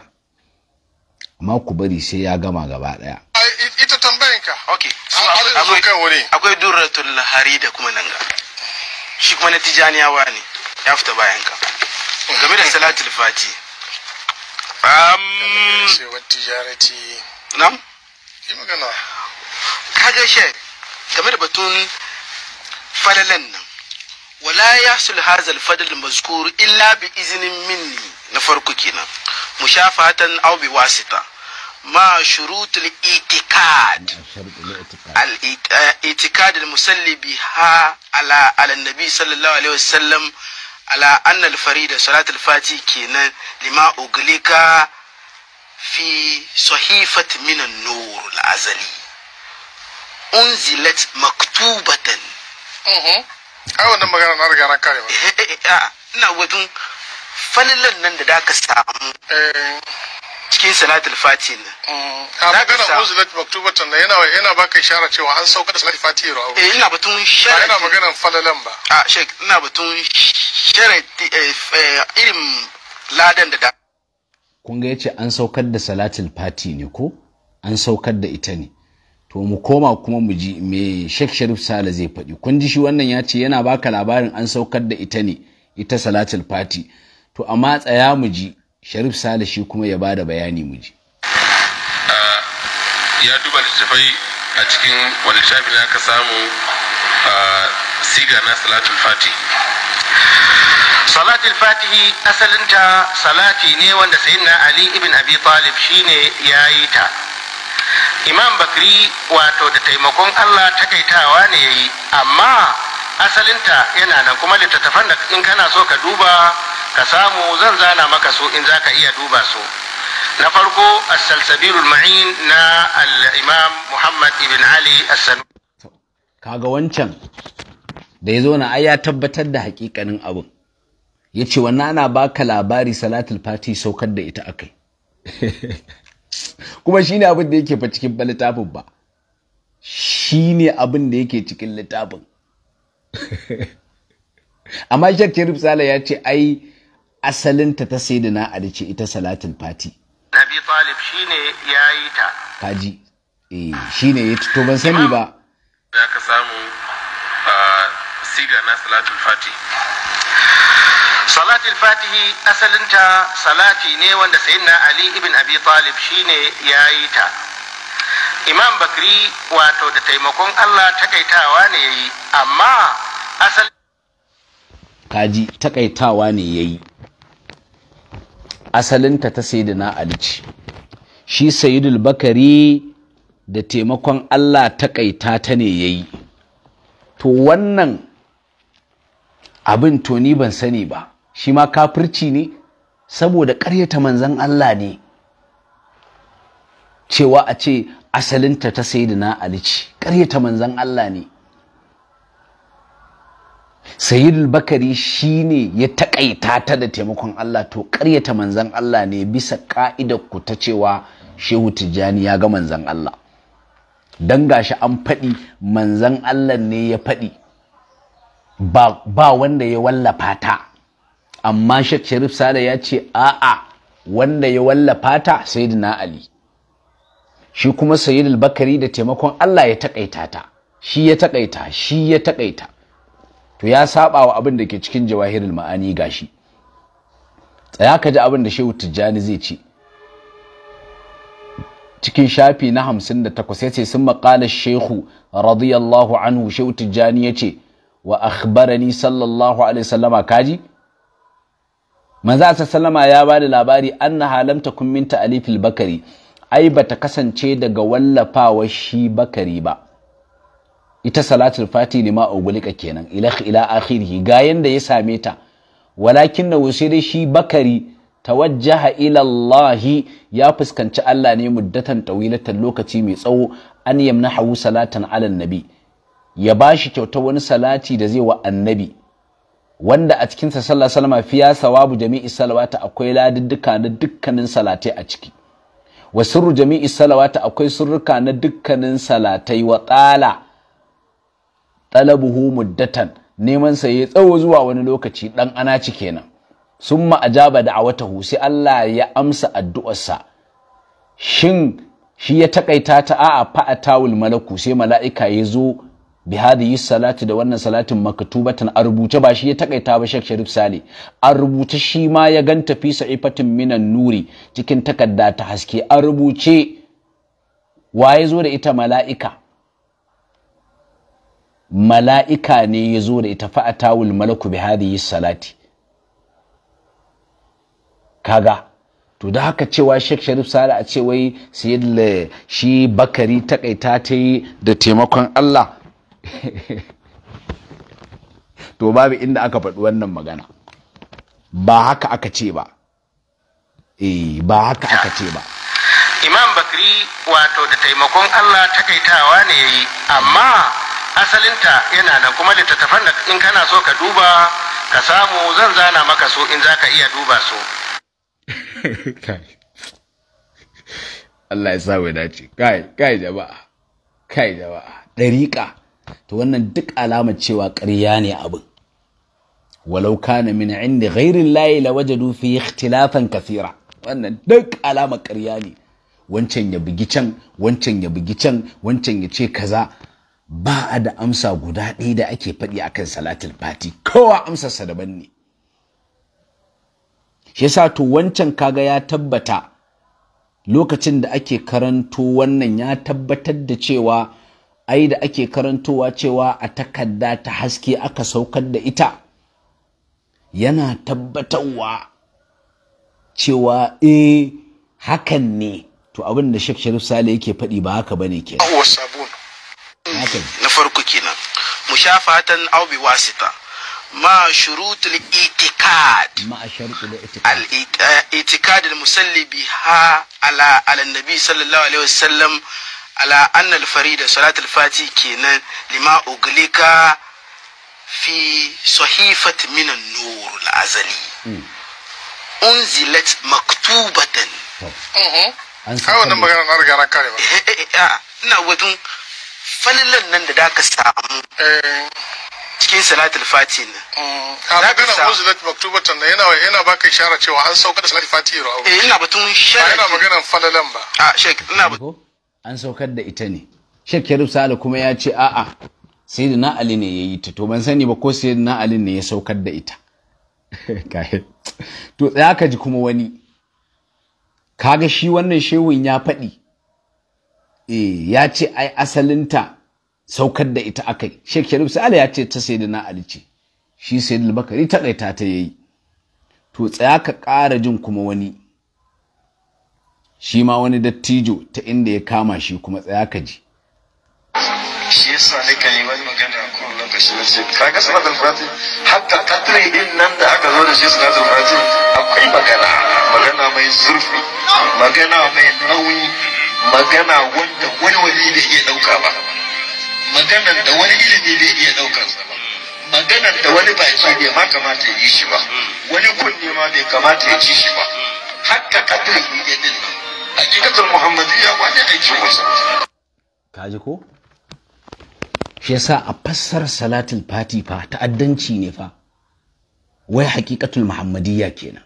S1: amma ku bari sai ya gama gaba daya ita tambayanka
S2: okay
S5: akwai akwai durratul lahari da kuma nan ga shi kuma na tijaniyawa ne ya fita ka game da salatul fati
S4: um, tijarati
S5: nam yi magana kaga shek game da batun falalan nan wala ya hazal fadl mazkur illa bi izinin minni na farko kenan mushafatan aw bi wasita ma shurutul itikad al eh, itikad al musalli biha ala ala nabi sallallahu alaihi wasallam ala anna al farida salat fati kenan lima uglika fi sahifat min an-nur al azali unzilet maktubatan mm-hmm. ai wannan magana na riga na kare ba ah, ina wajen falilan nan da da ka samu eh. cikin salatul fati ne. Mm-hmm. Ah, a magana unzilet
S4: maktubatan na yana yana baka ishara cewa an sauka
S5: da salatul fati ro eh ina batun sharadi ina magana falalan ba a ah, shek ina batun eh, eh irin ladan
S1: da kun ga yace an saukar da salatul fati ne ko an saukar da ita ne to mu koma kuma mu ji me Sheikh Sharif Sale zai faɗi kun ji shi wannan ya ce yana baka labarin an saukar da ita ne ita salatul fati to amma tsaya mu ji Sharif Sale shi kuma ya bada bayani mu ji
S3: ya duba littattafai a cikin wani littafi na ka samu
S2: siga na salatul fati salatul fatihi asalinta salati ne wanda sayyidina ali ibn abi talib shine yayi ta
S6: imam bakri wato da taimakon allah takaitawa ne ya yi amma asalinta yana nan kuma littattafan da in kana so ka duba ka samu zan zana maka su in za ka iya duba su na farko asalsabilul ma'in
S7: na al'imam muhammad ibn ali assanu
S1: kaga wancan da ya zo na ai ya tabbatar da hakikanin abin ya ce wannan ana baka labari salatul fati saukar da ita akai kuma shine abin da yake fa cikin littafin ba shine abin da yake cikin littafin amma shek cherif sala ya ce ai asalinta ta na ali ce ita salatin fati nabi talib
S2: shine ya yi ta
S1: kaji eh shine ya to ban sani ba
S2: ya ka samu
S6: ah, siga na Salatin fati salatul fatihi asalinta salati ne wanda sayyidina ali ibn abi talib shine yayi ta imam bakri wato da taimakon allah takaitawa ne yayi amma asal
S1: kaji takaitawa ne yayi asalinta ta sayyidina ali ce shi sayyidul bakari da taimakon allah takaita ta ne yayi to wannan abin to ni ban sani ba shi ma kafirci ne saboda ƙaryata manzan Allah ne cewa a ce asalinta ta na Ali ce Karyata manzan Allah ne sayidul bakari shi ne ya taƙaita ta da taimakon Allah to ƙaryata manzan Allah ne bisa ƙa'idar ku ta cewa shehu tijjani ya ga manzan Allah don gashi an faɗi manzan Allah ne ya faɗi ba wanda ya wallafa ta amma Sheikh Sharif Sada ya ce a'a wanda ya wallafa ta na Ali shi kuma Sayyidul Bakari da taimakon Allah ya takaita ta shi ya takaita shi ya takaita to ya saba wa abin da ke cikin jawahirul ma'ani gashi tsaya ka ji abin da Shehu Tijjani zai ce cikin shafi na hamsin da takwas ya ce sun maƙalar shehu radiyallahu anhu shehu tijjani ya ce wa akhbarani sallallahu alaihi sallama kaji a sallama ya ba da labari anna halamta kun ta alifil bakari ai bata kasance daga wallafawa shi bakari ba ita salatul fati ne ma ugulika kenan ila ila akhirih ga yanda ya same ta walakin na dai shi bakari tawajjaha ila Allah ya fuskanci Allah ne muddatan tawilatan lokaci mai tsawo an yamna hawu salatan ala nabi ya bashi kyauta wani salati da zai wa annabi wanda a cikinsa sallallahu alaihi wasallam fiya sawabu jami'i salawata akwai ladudduka na dukkanin salatai a ciki wa sirru jami'i salawata akwai sirruka na dukkanin salatai wa tsala talabuhu muddatan neman sa ya tsawo zuwa wani lokaci dan ana ci kenan summa ajaba da'awatahu sai Allah ya amsa addu'arsa shin shi ya takaita ta a'a fa'a tawul malaku sai mala'ika ya zo bi hadhihi salati da wannan salatin maktubatan a rubuce ba shi ya takaita ba Sheikh Sharif Sale a rubuce shi ma ya ganta fi sa'ifatin minan nuri cikin takadda ta haske a rubuce waye zo da ita mala'ika mala'ika ne ya zo da ita fa'atawul malaku bi hadhihi salati kaga to da haka cewa Sheikh Sharif Sale a ce wai sayyid shi Bakari takaita ta yi da taimakon Allah to babu inda aka faɗi wannan magana ba haka aka ce ba eh ba haka aka ce ba
S2: imam bakri
S6: wato da taimakon allah takaitawa ne yayi yi amma asalinta yana nan kuma littattafan da in kana so ka duba ka samu zan zana maka so in za ka iya duba so
S1: Allah ya sa dace kai kai jama'a kai jama'a dariƙa to wannan duk alama cewa ƙarya ne abin walau kana min inda ghairin layi la wajadu fi ikhtilafan kafira. wannan duk alama ƙarya ne wancan ya bugi can wancan ya bugi can wancan ya ce kaza ba a da amsa guda ɗaya da ake faɗi akan Salatin fati kowa amsarsa daban ne shi yasa to wancan kaga ya tabbata lokacin da ake karanto wannan ya tabbatar da cewa ai da ake karantowa cewa a takarda ta haske aka saukar da ita yana tabbatarwa cewa eh hakan ne to abin da Sheikh Sharif Sale yake faɗi ba haka bane ke na
S5: farko kenan mushafatan aw bi wasita ma shurutul itikad ma shurutul itikad al eh, itikad al musalli biha ala ala nabi sallallahu alaihi wasallam ala annal farida salatul fati kenan lima uglika fi sahifat min an-nur al-azali hmm. unzilat maktubatan oh. mm-hmm. a wannan magana na riga na kare ba eh, eh, eh, ah, ina wajen falilan nan da daka samu cikin salatul fati ne
S4: mm.
S3: a magana
S5: unzilat maktubatan yana yana baka ishara
S4: cewa an sauka da salatul fati ro ina batun shara ah, ina maganan falilan ba
S5: a shek ina batun
S1: an saukar da ita ne shekki yarib kuma ya ce a'a sayyidina ali ne ya yi ta to ban sani ba ko sayyidina ali ne ya saukar da ita to tsaya ka ji kuma wani kaga shi wannan shewin ya faɗi eh, ya ce ai asalinta saukar da ita akai shek yarib sale ya ce ta sayyidina ali ce shi sayyidul bakari ta ta yayi to tsaya ka ƙara jin kuma wani shi ma wani dattijo ta inda ya kama shi kuma tsaya ka ji shi yasa nika yi wani magana a kowane lokaci na
S6: ce kaga salatul fati hatta katri din nan da aka zo da shi salatul fati akwai magana magana mai zurfi magana mai nauyi magana wanda wani wani bai iya ɗauka ba magana da wani ilimi bai iya daukarsa ba magana da wani baki bai ma kamata ya yi shi ba wani kunne ma bai kamata ya ci shi ba hatta katri din nan
S1: kaji ko shi yasa a fassar salatul fati fa ta'addanci ne fa wai hakikatul muhammadiyya kenan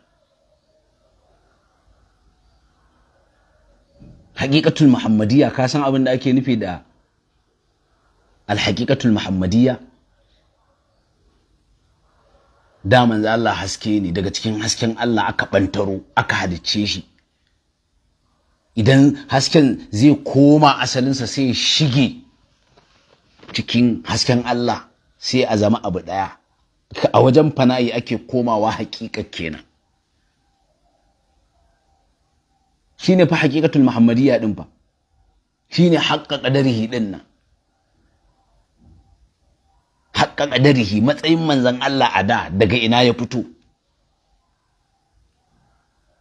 S1: hakikatul muhammadiyya ka san abin da ake nufi da alhakikatul muhammadiyya da manzo Allah haske ne daga cikin hasken Allah aka bantaro aka halicce shi idan hasken zai koma asalinsa sai shige cikin hasken Allah sai a zama abu ɗaya a wajen fana'i ake komawa hakika kenan shi ne fa hakikatul muhammadiyya din fa shi ne haƙƙa ƙadarihi ɗin nan haƙƙa ƙadarihi matsayin manzan Allah a da daga ina ya fito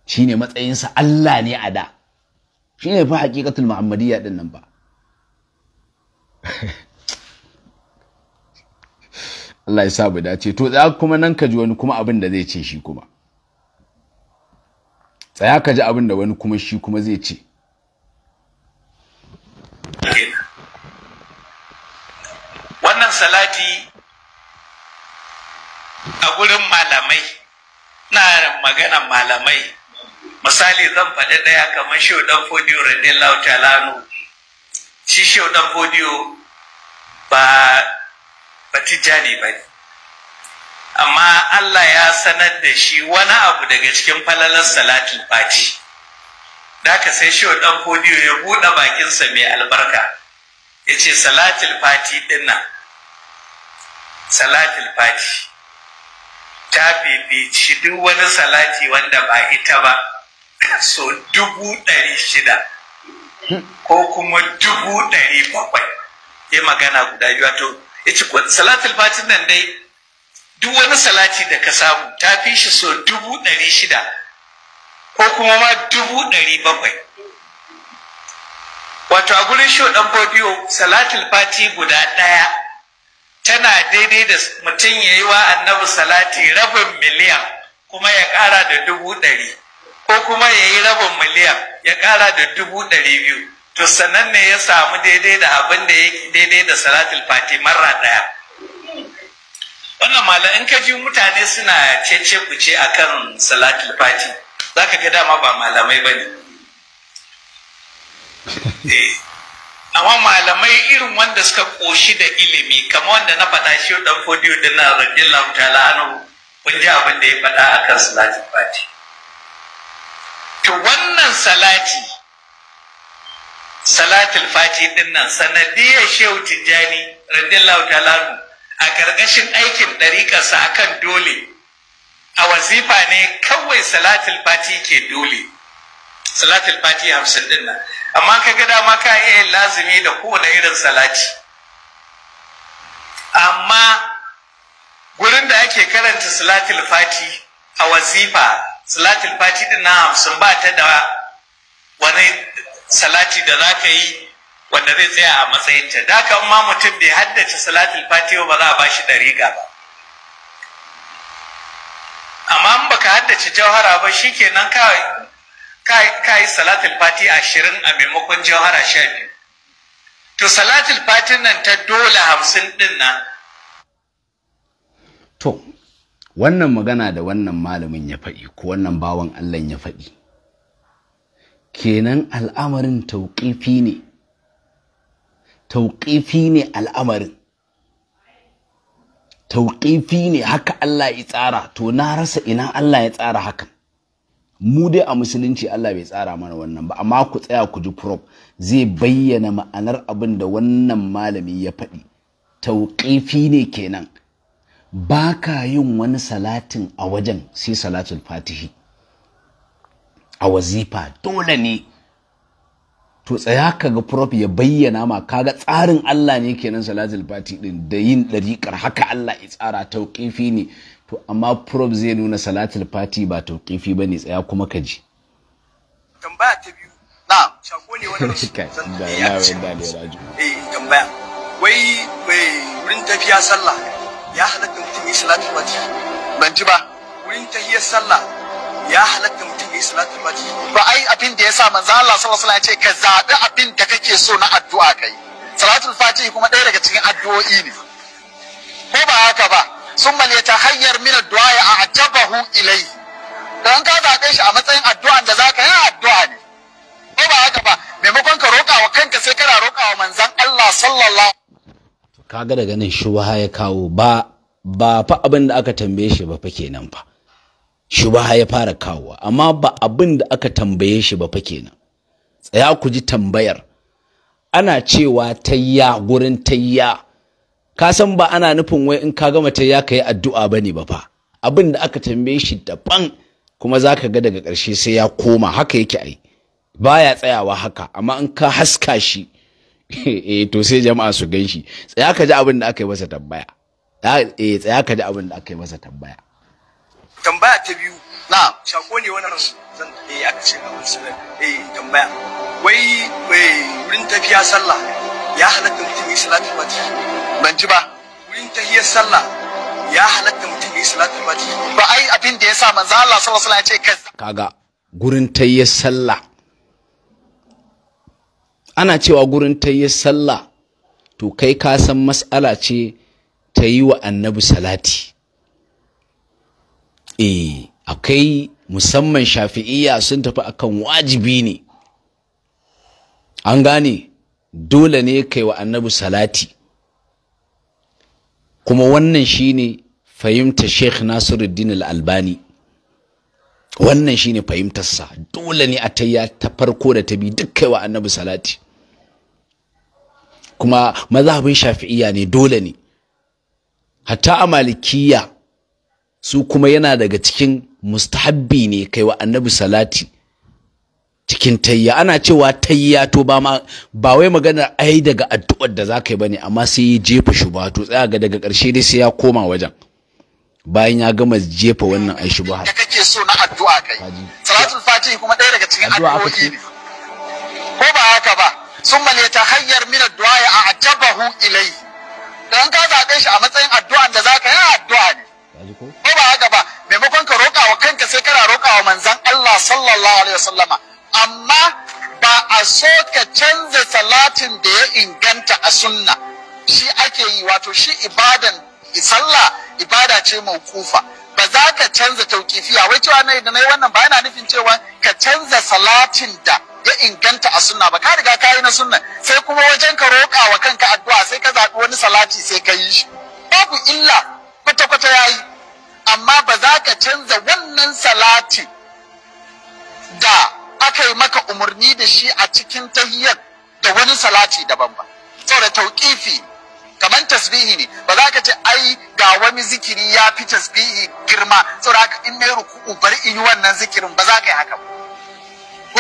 S1: shi ne matsayinsa Allah ne a da shi ne fa haƙiƙatul muhammadiyya din nan ba Allah ya sa dace to za kuma nan ka ji wani kuma abin da zai ce shi kuma tsaya ka ji abin da wani kuma shi kuma zai ce
S8: wannan salati a gurin malamai na magana malamai misali zan faɗi ɗaya kamar shehu ɗan fodiyo lauta lanu. shi shehu ɗan fodiyo ba ba tijjani ba ne amma Allah ya sanar da shi wani abu daga cikin falalar salatin fati da ka sai shi dan fodiyo ya buɗe bakinsa mai albarka ya ce salatul fati nan salatul fati ta shi duk wani salati wanda ba ita ba so dubu ɗari shida ko kuma dubu ɗari bakwai ya magana guda biyu wato ya ci salatul fatin nan dai duk wani salati da ka samu ta fi shi so dubu ɗari shida ko kuma ma dubu ɗari bakwai wato a gurin shi ɗan bodiyo salatul fati guda ɗaya tana daidai da mutum ya yi wa annabi salati rabin miliyan kuma ya ƙara da dubu ɗari ko kuma ya yi rabin miliyan ya ƙara da dubu ɗari biyu to sannan ne ya samu daidai da abin da yake daidai da salatul fati marra ɗaya wannan malam in ka ji mutane suna cece kuce akan salatul fati za ka ga dama ba malamai ba ne eh, amma malamai irin wanda suka ƙoshi da ilimi kama wanda na faɗa shi ɗan fodiyo da na radiyallahu lamta la'anu kun ji abin da ya faɗa akan salatul fati to wannan salati salatul fati din nan sanadiyar shehu tijjani radiyallahu ta'ala a ƙarƙashin aikin ɗariƙarsa akan dole a wazifa ne kawai salatul fati ke dole salatul fati hamsin din nan amma ka ga dama ka iya lazumi da kowane irin salati amma gurin da ake karanta salatul fati a wazifa salatul fati din na hamsin ba ta da wani salati da za ka yi wanda zai tsaya a matsayinta da haka ma mutum bai haddace salatul fati ba za a ba shi riga ba amma in baka haddace jauhara ba shi nan ka yi salatul fati ashirin a maimakon jauhara sha biyu to salatul fatin nan ta dole hamsin din nan
S1: wannan magana da wannan malamin ya faɗi ko wannan bawan allah ya faɗi kenan al'amarin tauƙifi ne tauƙifi ne al'amarin tauƙifi ne haka Allah ya tsara to na rasa ina Allah ya tsara haka mu dai a musulunci Allah bai tsara mana wannan ba amma ku tsaya ku ji prop zai bayyana ma'anar abin da wannan malami ya faɗi tauƙifi ne kenan ba ka yin wani salatin a wajen sai salatul fatihi a wazifa dole ne to tsaya ka ga prof ya bayyana ma kaga tsarin Allah ne kenan salatul fatihi din da yin dariƙar haka Allah ya tsara tauƙifi ne to amma prof zai nuna salatul fatihi ba tauƙifi bane tsaya kuma ka ji
S8: tambaya ta biyu
S1: na shago ne wannan da ya ce
S8: eh, tambaya wai wurin tafiya sallah ya halatta mutum yi salatul fatihi ban ji ba wurin tahiyar sallah ya
S9: halatta mutum yi
S2: salatul fatihi
S9: ba ai abin da yasa manzo Allah sallallahu alaihi wasallam ya ce ka zabi abin da kake so na addu'a kai salatul fatihi kuma ɗaya daga cikin addu'o'i ne ko ba haka ba sun ta hanyar min addu'a ya a'jabahu ilayhi dan ka zabe shi a matsayin addu'a da zaka yi addu'a ne ko ba haka ba maimakon ka roƙa wa kanka sai kana roƙa wa manzon Allah sallallahu
S1: kaga da ganin shubha ya kawo ba ba fa abin da aka tambaye shi ba fa kenan fa shubha ya fara kawo amma ba abin da aka tambaye shi ba fa kenan tsaya ku ji tambayar ana cewa tayya gurin tayya ka san ba ana nufin wai in ka gama tayya ka yi addu'a bane ba fa abin da aka tambaye shi daban kuma za ka ga daga ƙarshe sai ya koma haka yake ai baya tsayawa haka amma in ka haska shi eh to sai jama'a su gan shi tsaya ka ji abin da aka yi masa tambaya eh tsaya ka ji abin da aka yi masa tambaya
S8: tambaya ta biyu na shako ne wani zan eh aka ce na musulun eh tambaya wai wai wurin tafiya sallah ya halatta mutum yi salatul fati ban ji ba wurin tafiya sallah
S9: ya halatta mutum yi salatul fati ba ai abin da ya sa manzo Allah sallallahu alaihi wasallam ya ce
S1: kaga gurin tayyar sallah ana cewa gurin ta yi sallah to kai ka san mas'ala ce ta yi wa annabi salati eh akwai musamman shafi'iyya sun tafi akan wajibi ne an gane dole ne kai wa annabi salati kuma wannan shine fahimta sheikh nasiruddin al-albani wannan shine fahimtarsa dole ne a tayya ta farko da ta bi duk kai wa annabi salati kuma mazhabin shafi'iyya ne dole ne hatta a malikiya su kuma yana daga cikin mustahabbi ne kai wa annabi salati cikin tayya ana cewa tayya to ba ma ba wai magana ai daga addu'ar da zaka yi bane amma sai ya jefa shubha to tsaya ga daga ƙarshe dai sai ya koma wajen bayan ya gama jefa wannan ai shubha da kake so na addu'a kai
S9: salatul fatihi kuma ɗaya daga cikin addu'o'i ne ko ba haka ba Sun ne ta hanyar min ya a ajabahu ilai dan ka zaɓe shi a matsayin addu'an da zaka yi addu'a ne ko ba haka ba maimakon ka roƙa wa kanka sai kana roƙa wa manzon Allah sallallahu alaihi wasallama amma ba a so ka canza salatin da ya inganta a sunna shi ake yi wato shi ibadan sallah ibada ce mawqufa ba za ka canza tawqifiya wai cewa na da na wannan ba yana nufin cewa ka canza salatin da ya inganta a sunna ba ka riga ka yi na sunna sai kuma wajen ka roƙa wa kanka addu'a sai ka zaɓi wani salati sai ka yi shi babu illa kwata-kwata ya yi amma ba za ka canza wannan salati da aka yi maka umarni da shi a cikin tahiyyar da wani salati daban ba saboda tauƙifi kamar tasbihi ne ba za ka ce ai ga wani zikiri ya fi tasbihi girma saboda in na ruku'u bari in yi wannan zikirin ba za ka yi haka ba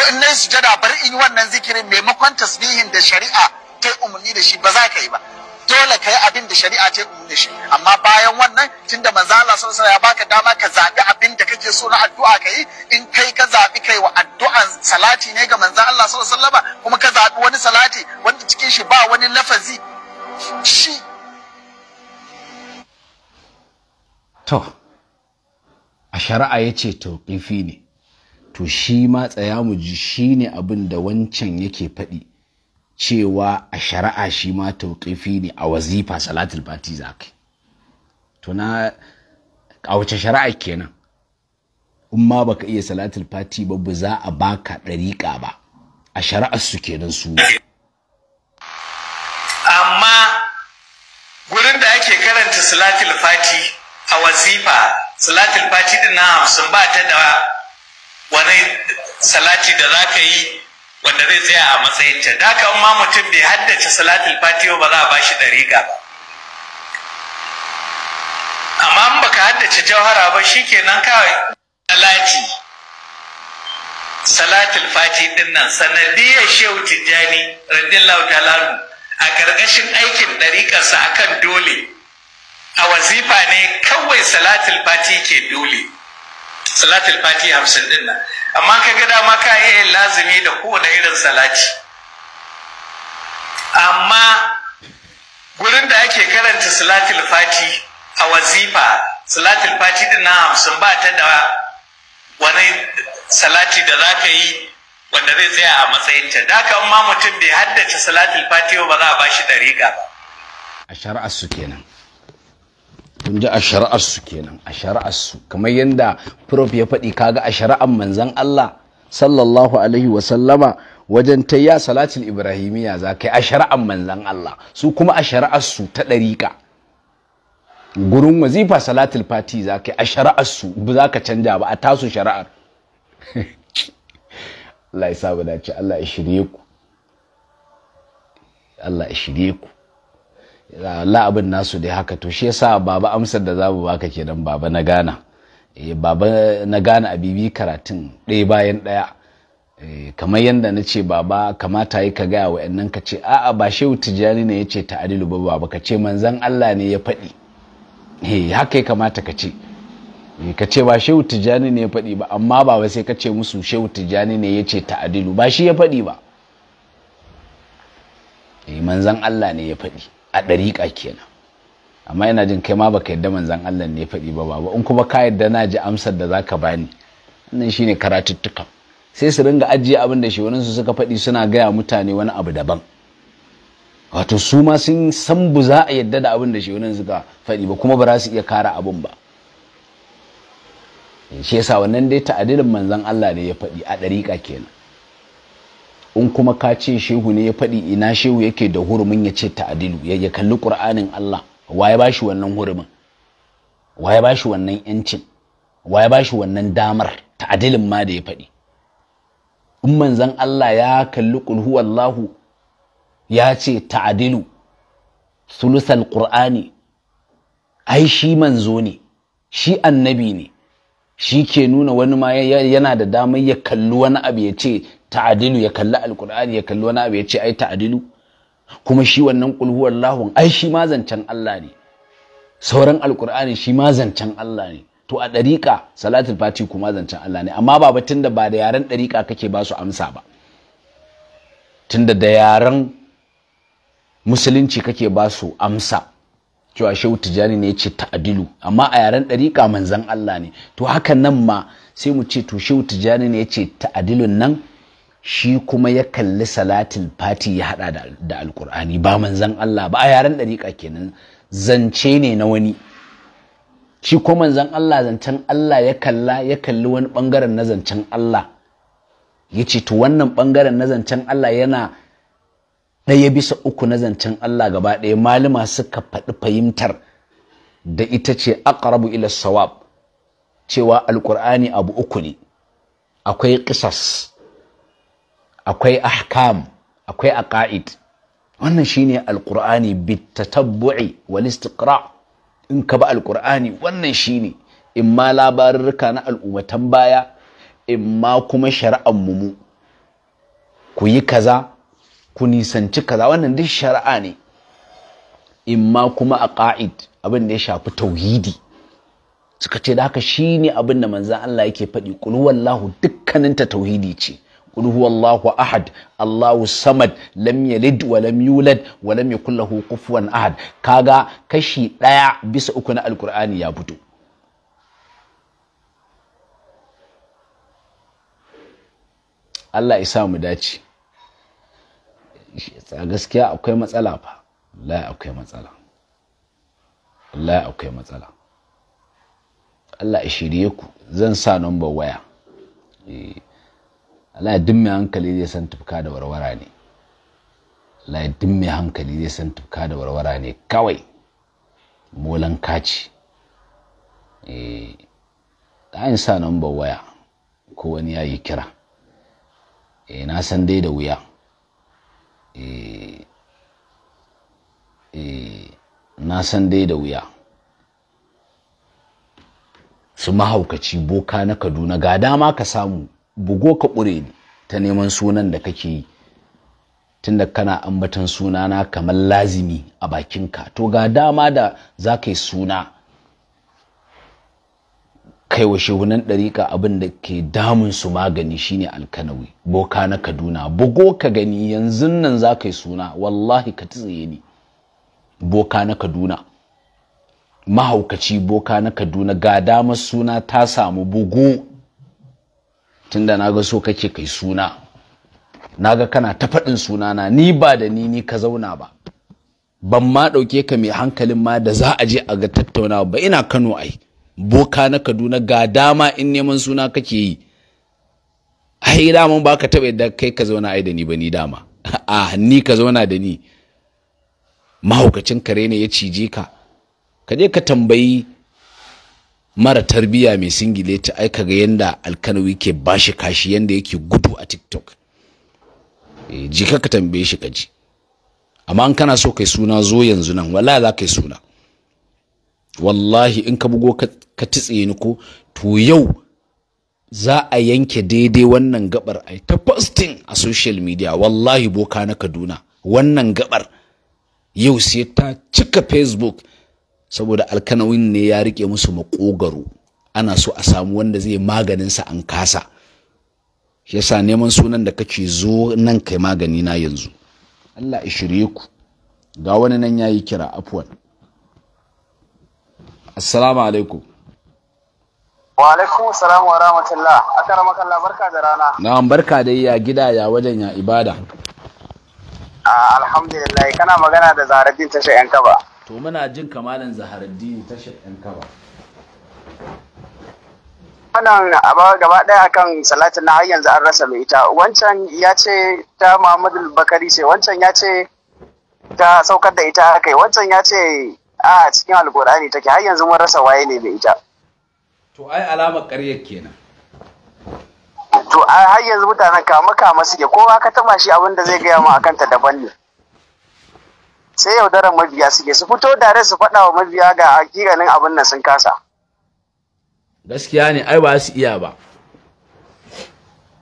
S9: ko in nan sujada bar in yi wannan zikirin maimakon tasbihin da shari'a ta umarni da shi ba za ka yi ba dole ka yi abin da shari'a ta umarni da shi amma bayan wannan tunda manzo Allah sallallahu alaihi ya baka dama ka zabi abin da kake so na addu'a ka yi in kai ka zabi kai wa addu'an salati ne ga manzo Allah sallallahu alaihi kuma ka zabi wani salati wanda cikin shi ba wani lafazi shi
S1: to a shari'a yace to kifi ne to shi ma tsaya mu ji shi ne abin da wancan yake faɗi cewa a shari'a shi ma tauƙifi ne a wazifa salatul fati za ka to na a wace shari'a kenan in ma baka iya salatul fati ba ba za a baka ɗariƙa ba a shari'ar su kenan su
S8: amma gurin da ake karanta salatul fati a wazifa salatul fati din na hamsin ba ta da wani salati da za ka yi wanda zai tsaya a matsayin ta da ka ma mutum bai haddace salatul fatiha ba za a bashi dariƙa ba amma in baka haddace jauhara ba shikenan kawai salati salatul fati din nan sanadiyar shehu tijjani radiyallahu ta'ala a ƙarƙashin aikin ɗariƙarsa akan dole a wazifa ne kawai salatul fati ke dole salatul fati hamsin din nan amma ka ga dama ka iya yin lazumi da kowane irin salati amma gurin da ake karanta salatul fati a wazifa salatul fati din na hamsin ba ta da wani salati da za ka yi wanda zai tsaya a matsayinta da haka ma mutum bai haddace salatul fati ba za a ba shi dariƙa ba
S1: a shari'ar su kenan kun ji a shari'arsu kenan a shari'arsu kamar yadda prof ya faɗi kaga a shari'ar manzan Allah sallallahu alaihi wa sallama wajen ta ya salatul ibrahimiya za ka yi a shari'ar manzan Allah su kuma a shari'arsu ta ɗariƙa gurin wazifa salatul fati za ka yi a shari'arsu ba za ka canja ba a tasu shari'ar Allah ya sa dace Allah ya shirye ku Allah ya shirye ku la'abin nasu dai haka to shi yasa baba amsar da zamu baka kenan baba na gana eh, baba na gana a bibi karatun ɗaya bayan ɗaya eh, kamar yadda na ce baba kamata yi ka gaya wa'annan ka ce a'a ba shehu tijjani ne ya ce ta'adilu ba baba ka ce manzan Allah ne ya faɗi eh, haka ya kamata ka ce ka ce ba shehu tijjani ne ya faɗi ba amma ba sai ka ce musu shehu tijjani ne ya ce ta'adilu ba shi ya faɗi ba manzan Allah ne ya faɗi a ɗariƙa kenan amma yana jin kai ma baka yadda manzan Allah ne faɗi ba ba in kuma ka yadda na ji amsar da zaka bani wannan shine karatuttuka sai su ringa ajiye abin da shi suka faɗi suna gaya mutane wani abu daban wato su ma sun san bu za a yadda da abin da shi suka faɗi ba kuma ba za su iya kara abin ba eh, shi yasa wannan dai ta'adilin manzan Allah ne ya faɗi a ɗariƙa kenan in kuma ka ce shehu ne ya faɗi ina shehu yake da hurumin ya ce ta'adilu ya kalli ƙur'anin Allah waye ba shi wannan hurumin ya ba shi wannan yancin waye ba shi wannan damar ta'adilin ma da ya faɗi in manzon Allah ya kalli qul Allahu ya ce ta'adilu sulusal ƙur'ani ai shi manzo ne shi annabi ne shi ke nuna wani ma yana da damar ya kalli wani abu ya ce ta'adilu ya kalli alkur'ani ya kalli wani abu ya ce ai ta'adilu kuma shi wannan kulhuwar lahun ai shi ma zancen Allah ne sauran alkur'ani shi ma zancen Allah ne to a ɗariƙa salatul fati kuma zancen Allah ne amma baba tunda da ba da yaran ɗariƙa kake ba su amsa ba tunda da yaran musulunci kake ba su amsa cewa shehu tijani ne ce ta'adilu amma a yaran ɗariƙa manzan Allah ne to hakan nan ma sai mu ce to shehu tijani ne ce ta'adilun nan shi kuma ya kalli salatul fati ya hada da alkur'ani ba manzan Allah ba a yaren dariƙa kenan zance ne na wani shi kuma manzan Allah zancen Allah ya kalla ya kalli wani bangaren na zancen Allah ya ce to wannan bangaren na zancen Allah yana ɗaya bisa uku na zancen Allah gaba ɗaya malama suka faɗi fahimtar da ita ce aqrabu ila sawab cewa alkur'ani abu uku ne akwai ƙisas. akwai ahkam akwai aqaid wannan shine alqur'ani bitatabbu'i wal istiqra in ka ba alqur'ani wannan shine ma labarurruka na al'ummatan baya in ma kuma shari'an mu ku yi kaza ku nisanci kaza wannan duk shari'a ne In ma kuma aqaid abin da ya shafi tauhidi suka ce da haka shine abin da manzon Allah yake faɗi qul wallahu dukkaninta tauhidi ce قل هو الله أحد الله الصمد لم يلد ولم يولد ولم يكن له كفوا أحد كاغا كشي لا بس أكون القرآن يا بدو Allah ya sa mu dace a gaskiya akwai matsala fa wallahi akwai matsala wallahi akwai matsala Allah ya shirye ku zan sa number waya Allah ya mai hankali zai san tufka da warwara ne Allah ya mai hankali zai san tufka da warwara ne kawai molan kaci eh an sa number waya ko wani ya yi kira eh na san dai da wuya eh eh na san dai da wuya su mahaukaci boka na kaduna ga dama ka samu bugo ka ƙure ta neman sunan da kake yi tunda kana ambatan sunana kamar lazimi a bakinka to ga dama da za ka yi suna kai wa shehunan ɗariƙa abin da ke damun su magani shine alkanawi boka na kaduna bugo ka gani yanzu nan za ka yi suna wallahi ka tsaye ni boka na kaduna mahaukaci boka na kaduna ga damar suna ta samu bugu tunda na ga so kake kai suna na ga kana ta faɗin sunana ni ba da ni ni ka zauna ba ban ma ɗauke ka mai hankalin ma da za a je a ga tattaunawa ba ina kano ai boka na kaduna ga dama in neman suna kake yi ai daman ba ka taɓa yadda kai ka zauna ai da ni ba ni dama a ah, ni ka zauna da ni mahaukacin kare ne ya cije ka ka je ka tambayi mara tarbiyya mai ta aika ga yanda alkanawi ke bashi kashi yanda yake gudu a tiktok eh, jika ka tambaye shi kaji amma an kana so kai suna zo yanzu nan wallahi za ka yi suna wallahi in ka bugo ka titse ni ko to yau za a yanke daidai wannan gabar a ta posting a social media wallahi boka na kaduna wannan gabar yau sai ta cika facebook saboda alkanawin ne ya rike musu makogaro ana so a samu wanda zai maganin sa an kasa shi yasa neman sunan da kake zo nan kai magani na yanzu Allah ya shirye ku ga wani nan yayi kira afwan assalamu alaikum
S9: wa alaikum assalamu wa rahmatullah akaramaka Allah barka
S1: da rana na'am barka da ya gida ya wajen ya ibada ah, alhamdulillah kana magana da zarabin tashi yanka kaba to muna jin kamalin zaharaddini tashar ɗin kaba
S7: wannan abu gaba ɗaya akan salatin na har yanzu an rasa mai ita wancan ya ce ta muhammadu bakari ce wancan ya ce ta saukar da ita haka wancan ya ce a cikin alkur'ani take har yanzu mun rasa waye ne mai ita
S1: to ai alamar ƙaryar kenan
S7: to har yanzu mutanen kama kama suke kowa ka taba shi abin da zai gaya ma akan ta daban ne sai yaudarar mabiya suke su fito dare su faɗa wa mabiya ga hakikanin abin nan
S1: sun kasa gaskiya ne ai ba su iya ba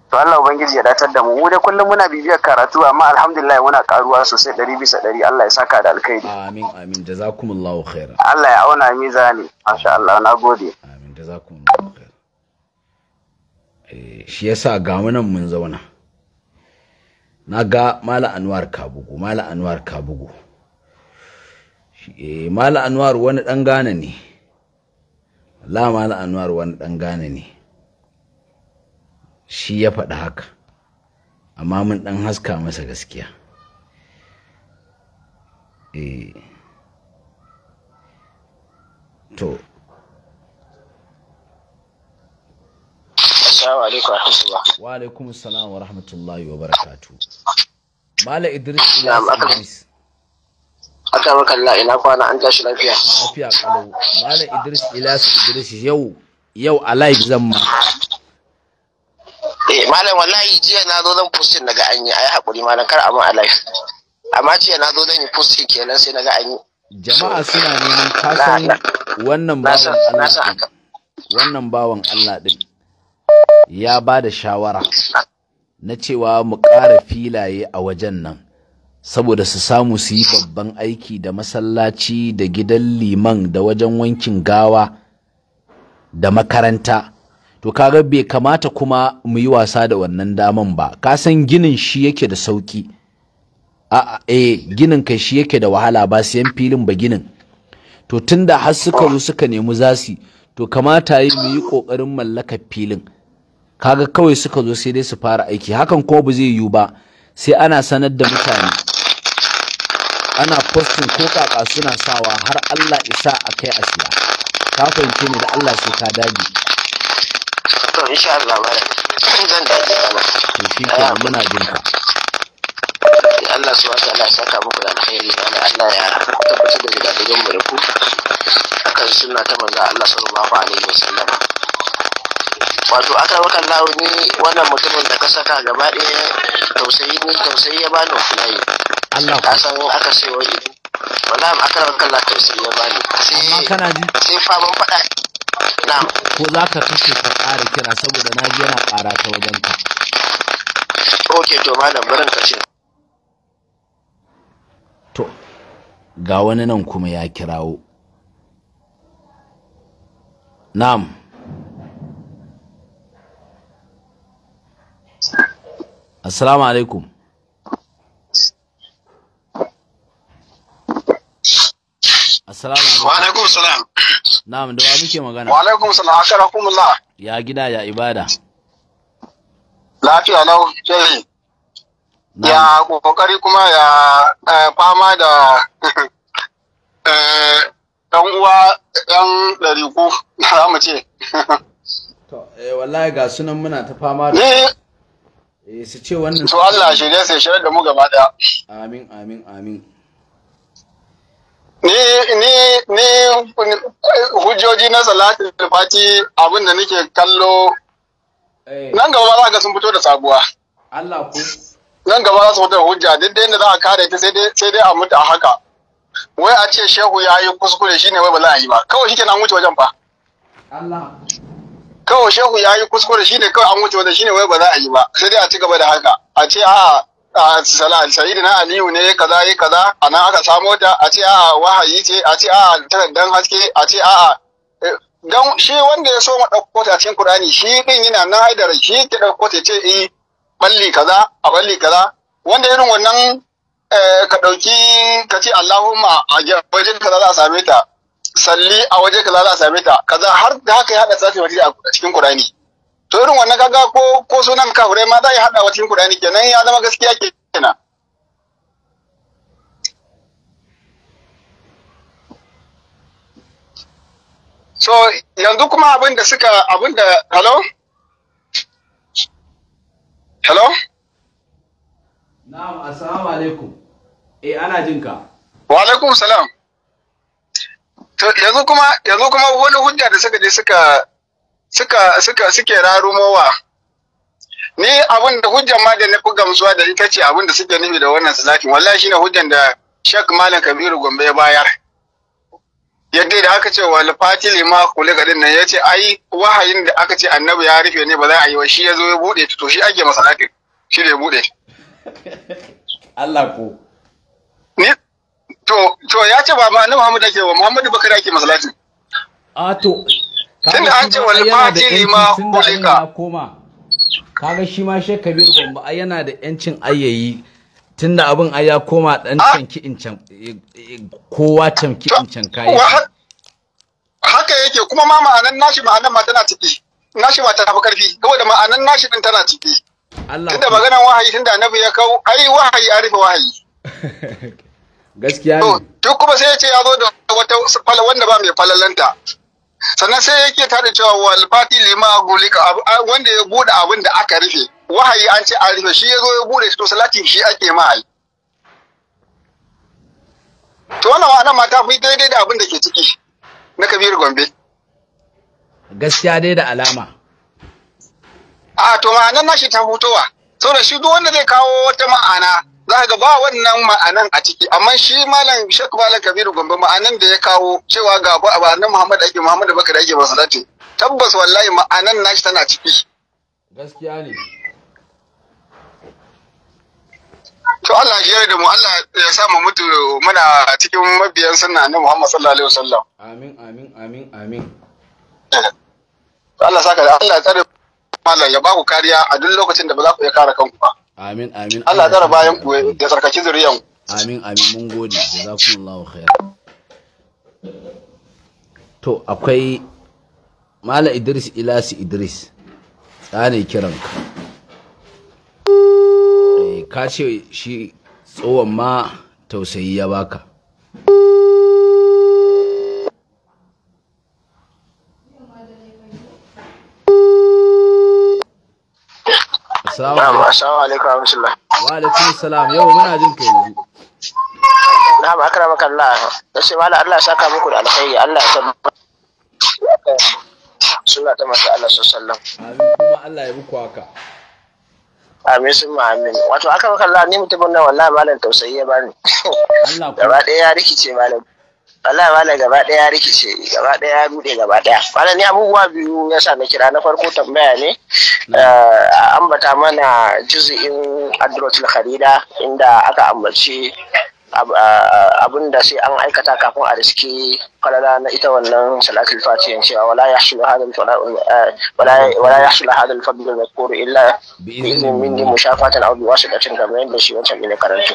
S7: to Allah ubangiji ya datar da mu mu da kullum muna bibiyar karatu amma alhamdulillah muna karuwa sosai
S1: ɗari bisa ɗari Allah ya saka da alkhairi amin amin jazakumullahu khaira
S7: Allah ya auna mizani masha Allah na gode amin jazakumullahu khaira
S1: eh shi yasa ga mu nan mun zauna na ga mala anwar kabugu mala anwar kabugu eh mala anwar wani dan gane ne la mala anwar wani dan gane ne shi ya faɗi haka amma mun dan haska masa gaskiya eh to
S7: wa rahmatullah.
S1: Wa alaikum assalam wa rahmatullahi wa barakatuh. Mala Idris Idris.
S7: aka maka la ina kwana an tashi lafiya lafiya
S1: kalau malam Idris Ilyas Idris yau yau a live zan ma
S7: eh malam wallahi jiya na zo zan posting daga an yi ayi hakuri malam kar a mun a live amma jiya na zo zan yi posting kenan sai naga an yi
S1: jama'a suna neman kasan wannan bawan Allah wannan bawan Allah din ya bada shawara na cewa mu ƙara filaye a wajen nan saboda su samu su yi babban aiki da masallaci da gidan liman da wajen wankin gawa da makaranta to kaga bai kamata kuma mu yi wasa da wannan daman ba ka san ginin shi yake da sauki a eh ginin kai shi yake da wahala ba siyan filin ba ginin to tunda har suka zo suka nemi zasi to kamata yi mu yi kokarin mallakar filin kaga kawai suka zo sai dai su fara aiki hakan ko ba zai yiwu ba sai ana sanar da mutane ana postin ko kaka suna sawa har Allah isa a kai a siya ka fahimci ni da Allah sai ka dage
S7: to insha Allah zan dage ana to
S1: shi ke muna jin ka
S7: Allah subhanahu wa ta'ala ya saka muku da alkhairi da Allah ya tabbatar da gidajen mu da ku akan sunna ta manzo Allah sallallahu alaihi wasallam wato aka maka lawo ni wannan mutumin da ka saka gaba ɗaya tausayi ne tausayi ya bani wallahi Allah ka san aka ce wai wallahi aka ran kallon ta sai ya bani amma kana ji sai fa mun faɗa
S1: na ko za ka kashe ka ƙara kira saboda na ji yana ƙara ta wajen ka
S7: ok to malam barin ka ce
S1: to ga wani nan kuma ya kirawo na'am assalamu alaikum Assalamu alaikum. Wa alaikum salam. Na'am, da wa muke magana? Wa
S6: alaikum salam, akarakumullah.
S1: Ya gida ya ibada.
S6: Lafiya lau, jeli. Ya kokari kuma ya eh, fama da ɗan eh, uwa ɗan ɗari ku? za mu ce.
S1: To, eh, wallahi ga sunan muna ta fama da. Eh, su ce wannan. To Allah shirye sai
S6: shirye da mu gaba ɗaya.
S1: Amin, amin, amin.
S6: ni ni hujjoji na salatul fati abin da nake kallo eh. nan gaba za ga sun fito da sabuwa Allah ku nan gaba za su fito da hujja duk da za a kare ta sai dai sai dai a mutu a haka wai a ce shehu ya yi kuskure shine wai ba za a yi ba kawai shike an wuce wajen fa Allah kawai shehu ya yi kuskure shine kawai an wuce wajen shine wai ba za a yi ba sai dai a ci gaba da haka a ce a na aliyu ne kaza yi kaza a nan aka samo ta a ce a'a wahayi ce a ce a'a takardar haske a ce a'a eh, don shi wanda ya so mu ɗauko ta cikin Kur'ani shi din yana nan haidar shi ke ɗauko ta ce i eh, balli kaza a balli kaza wanda irin wannan eh, ka ɗauki ka ce Allahumma a waje kaza za a same ta salli a waje kaza za a same ta kaza har da haka ya haɗa tsafi a cikin Kur'ani to irin wannan kaga ko ko sunan kafirai ma za a yi hada wa cikin Qur'ani kenan ya zama gaskiya kenan so yanzu kuma abin da suka abin da hello hello
S1: na'am assalamu alaikum eh ana jin ka
S6: wa alaikum salam to yanzu kuma yanzu kuma wani hujja da suka je suka suka suka suke rarumowa ni abin da hujjan ma da na fi gamsuwa da ita ce abin da suke nufi da wannan salatin wallahi shine hujjan da Sheikh Malam Kabiru Gombe ya bayar yadda da aka ce wal fatili ma kulika din nan yace ai wahayin da aka ce annabi ya rufe ne ba za a yi wa shi ya zo ya bude to shi ake masa salatin shi ne bude
S1: Allah ko
S6: ni to to ya ce ba ma annabi Muhammad ake wa Muhammadu Bakari ake masa salatin a to tunda an ce wal fati kulika
S1: kaga shi ma shi Kabir Gombe ai yana da yancin ayyayi tunda abin ai ya koma dan ah! canki in can eh, eh, kowa canki in can kai
S6: haka yake kuma ma ma'anan nashi ma'anan ma tana ciki nashi ma tana karfi saboda ma'anan nashi din tana ciki Allah tunda maganan wahayi tunda annabi ya kawo ai wahayi arifa wahayi
S1: gaskiya ne
S6: to kuma sai ya ce ya zo da wata falal wanda ba mai falalanta sannan sai yake tada cewa wal fati lima gulika wanda ya bude abin da aka rufe wahayi an ce an rufe shi ya zo ya bude to salatin shi ake ma ai to wannan wannan mata fi daidai da abin da ke ciki na kabir gombe
S1: gaskiya dai da alama
S6: a to ma'anar nashi ta hutowa saboda shi duk wanda zai kawo wata ma'ana za ga ba wannan ma'anan a ciki amma shi malam shek malam kabiru gombe ma'anan da ya kawo cewa ga ba a nan muhammad ake muhammad baka da ake ba salati tabbas wallahi ma'anan nashi tana ciki gaskiya ne to Allah ya yarda mu Allah ya sa mu mutu muna cikin mabiyan sunna na Muhammad sallallahu alaihi wasallam amin
S1: amin amin amin
S6: Allah saka Allah ya tsare malam ya ba ku kariya a duk lokacin da ba za ku iya kare kanku ba
S1: Amin amin. Allah tsara bayan
S6: ku ya tsarkaki zuriyan.
S1: Amin amin mun gode jazakumullahu khair. To akwai Mala Idris Ilasi Idris tsane kiranka. Eh, ka ce shi tsohon ma tausayi ya baka. Assalamu
S7: alaikum. Assalamu
S1: Wa alaikum salam. Yau muna jin ka yanzu.
S7: Na'am akramaka Allah. Dace mala Allah ya saka muku da alkhairi. Allah ya tabbata. Sunna ta masa Allah sallallahu
S1: Amin kuma Allah ya muku haka.
S7: Amin sun ma amin. Wato aka maka Allah ni mutumin nan wallahi malam tausayi ya bani. Allah Gaba ɗaya ya rikice malam. wallahi wala gaba daya rikice gaba daya rude gaba daya wala ni abubuwa biyu yasa na kira na farko tambaya ne eh, ambata mana juzu'in adratul kharida inda aka ambaci abin da sai an aikata kafin a riske falala na ita wannan salatul fatiha cewa wala yahsul hadal eh, wala wala yahsul hadal illa mazkur illa bi idhni minni mushafatan aw bi wasiqatin kamar yadda shi wancan ne karanto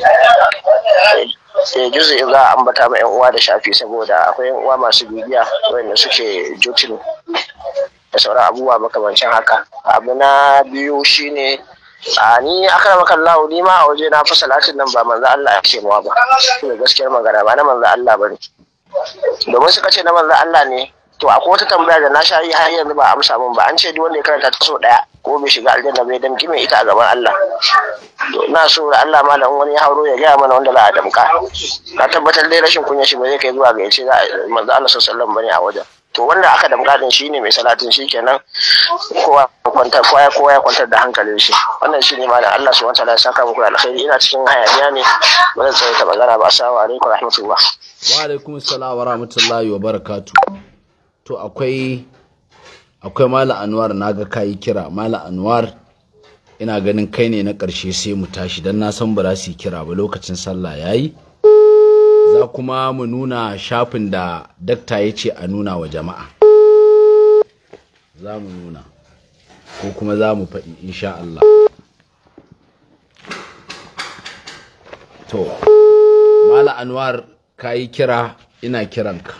S2: eh,
S7: eh juzu za a ambata ma yan uwa da shafi saboda akwai yan uwa masu bibiya wanda suke jotin da sauran abubuwa makamancin haka abu na biyu shine a ni akrama kallahu ni ma a waje na fasa latin nan ba manzo Allah ya ce ba ne gaskiyar magana ba na manzo Allah bane domin suka ce na manzo Allah ne to akwai wata tambaya da na sha yi har yanzu ba amsa mun ba an ce duk wanda ya karanta ta so daya ko bai shiga aljanna bai dan kime ita a gaban Allah to ina so da Allah malam wani ya hauro ya gaya mana wanda za a damka ka tabbatar dai rashin kunya shi ba zai kai zuwa ga yace za manzo Allah sallallahu alaihi wasallam bane a wajen to wanda aka damƙa shi shine mai salatin shi kenan kowa ya kwantar da hankalin shi wannan shine malam Allah subhanahu wataala ya saka muku alkhairi ina cikin hayaniya ne ba zan tsaye ta magana ba assalamu alaikum rahmatullah
S1: wa alaikum assalam wa rahmatullahi wa barakatuh to akwai akwai malam Anwar naga kai kira malam Anwar ina ganin kai ne na karshe sai mu tashi don na san ba za su yi kira ba lokacin sallah ya yi za kuma mu nuna shafin da dakta ya ce a nuna wa jama'a za mu nuna ko kuma za mu faɗi insha Allah to mala anwar ka yi kira ina kiranka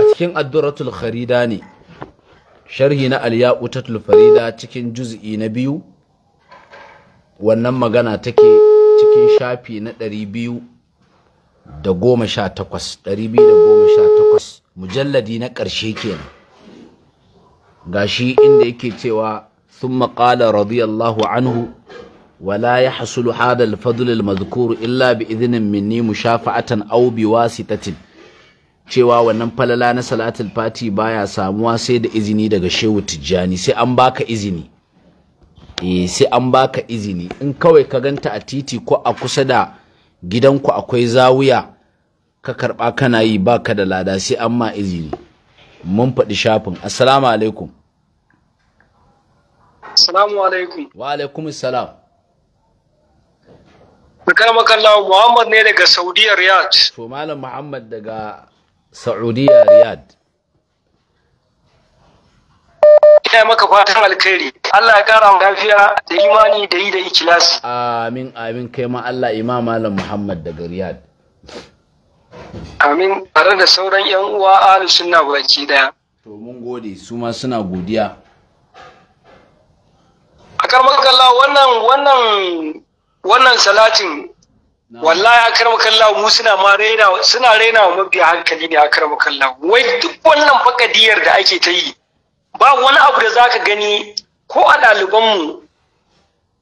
S1: a cikin addu'ratul kharida ne sharhi na ta farida cikin juz'i na biyu wannan magana take cikin shafi na ɗari biyu da goma sha takwas ɗari biyu da goma sha takwas mujalladi na ƙarshe kenan gashi inda yake cewa sun maƙala radiyallahu anhu ولا يحصل هذا الفضل المذكور إلا بإذن مني مشافعة wasi بواسطة cewa wannan falala na salatul fati baya samuwa sai da izini daga shehu tijjani sai an baka izini eh sai an baka izini in kawai ka ganta a titi ko a kusa da gidanku akwai zawuya. ka karɓa kana yi baka da lada sai an ma izini mun faɗi shafin assalamu alaikum assalamu alaikum wa alaikum assalam
S6: makarmakallahu muhammad ne daga saudiya riyadh
S1: to malam muhammad daga saudiya riyadh
S8: ina maka fatan alkhairi Allah ya kara lafiya da imani da yi da ikilasi
S1: amin amin kai ma Allah imam malam Muhammad daga Riyadh
S6: amin tare da sauran yan uwa ahlus sunna baki daya
S1: to mun gode su ma suna godiya
S6: a Allah wannan wannan wannan salatin wallahi maka Allah mu suna ma raina suna raina wa mabiya hankali ne a Allah wai duk wannan fakadiyar da ake ta yi ba wani abu da zaka gani ko a ɗaliban mu,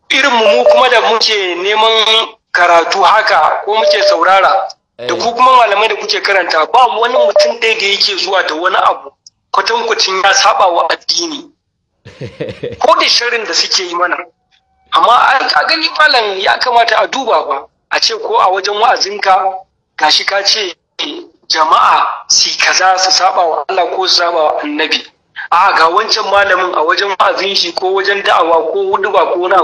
S6: irin mu kuma da muke neman karatu haka ko muke saurara da ku eh. kuma malamai da kuke karanta ba wani mutum ɗaya da yake zuwa da wani abu kwatankwacin ya saba wa addini ko da shirin da suke yi mana amma a gani falon ya kamata a duba ba a ce ko a wajen wa'azinka gashi ka ce jama'a si kaza su saba wa Allah ko su saba wa annabi a ga wancan malamin a wajen wa'azin shi ko wajen da'awa ko ba ko na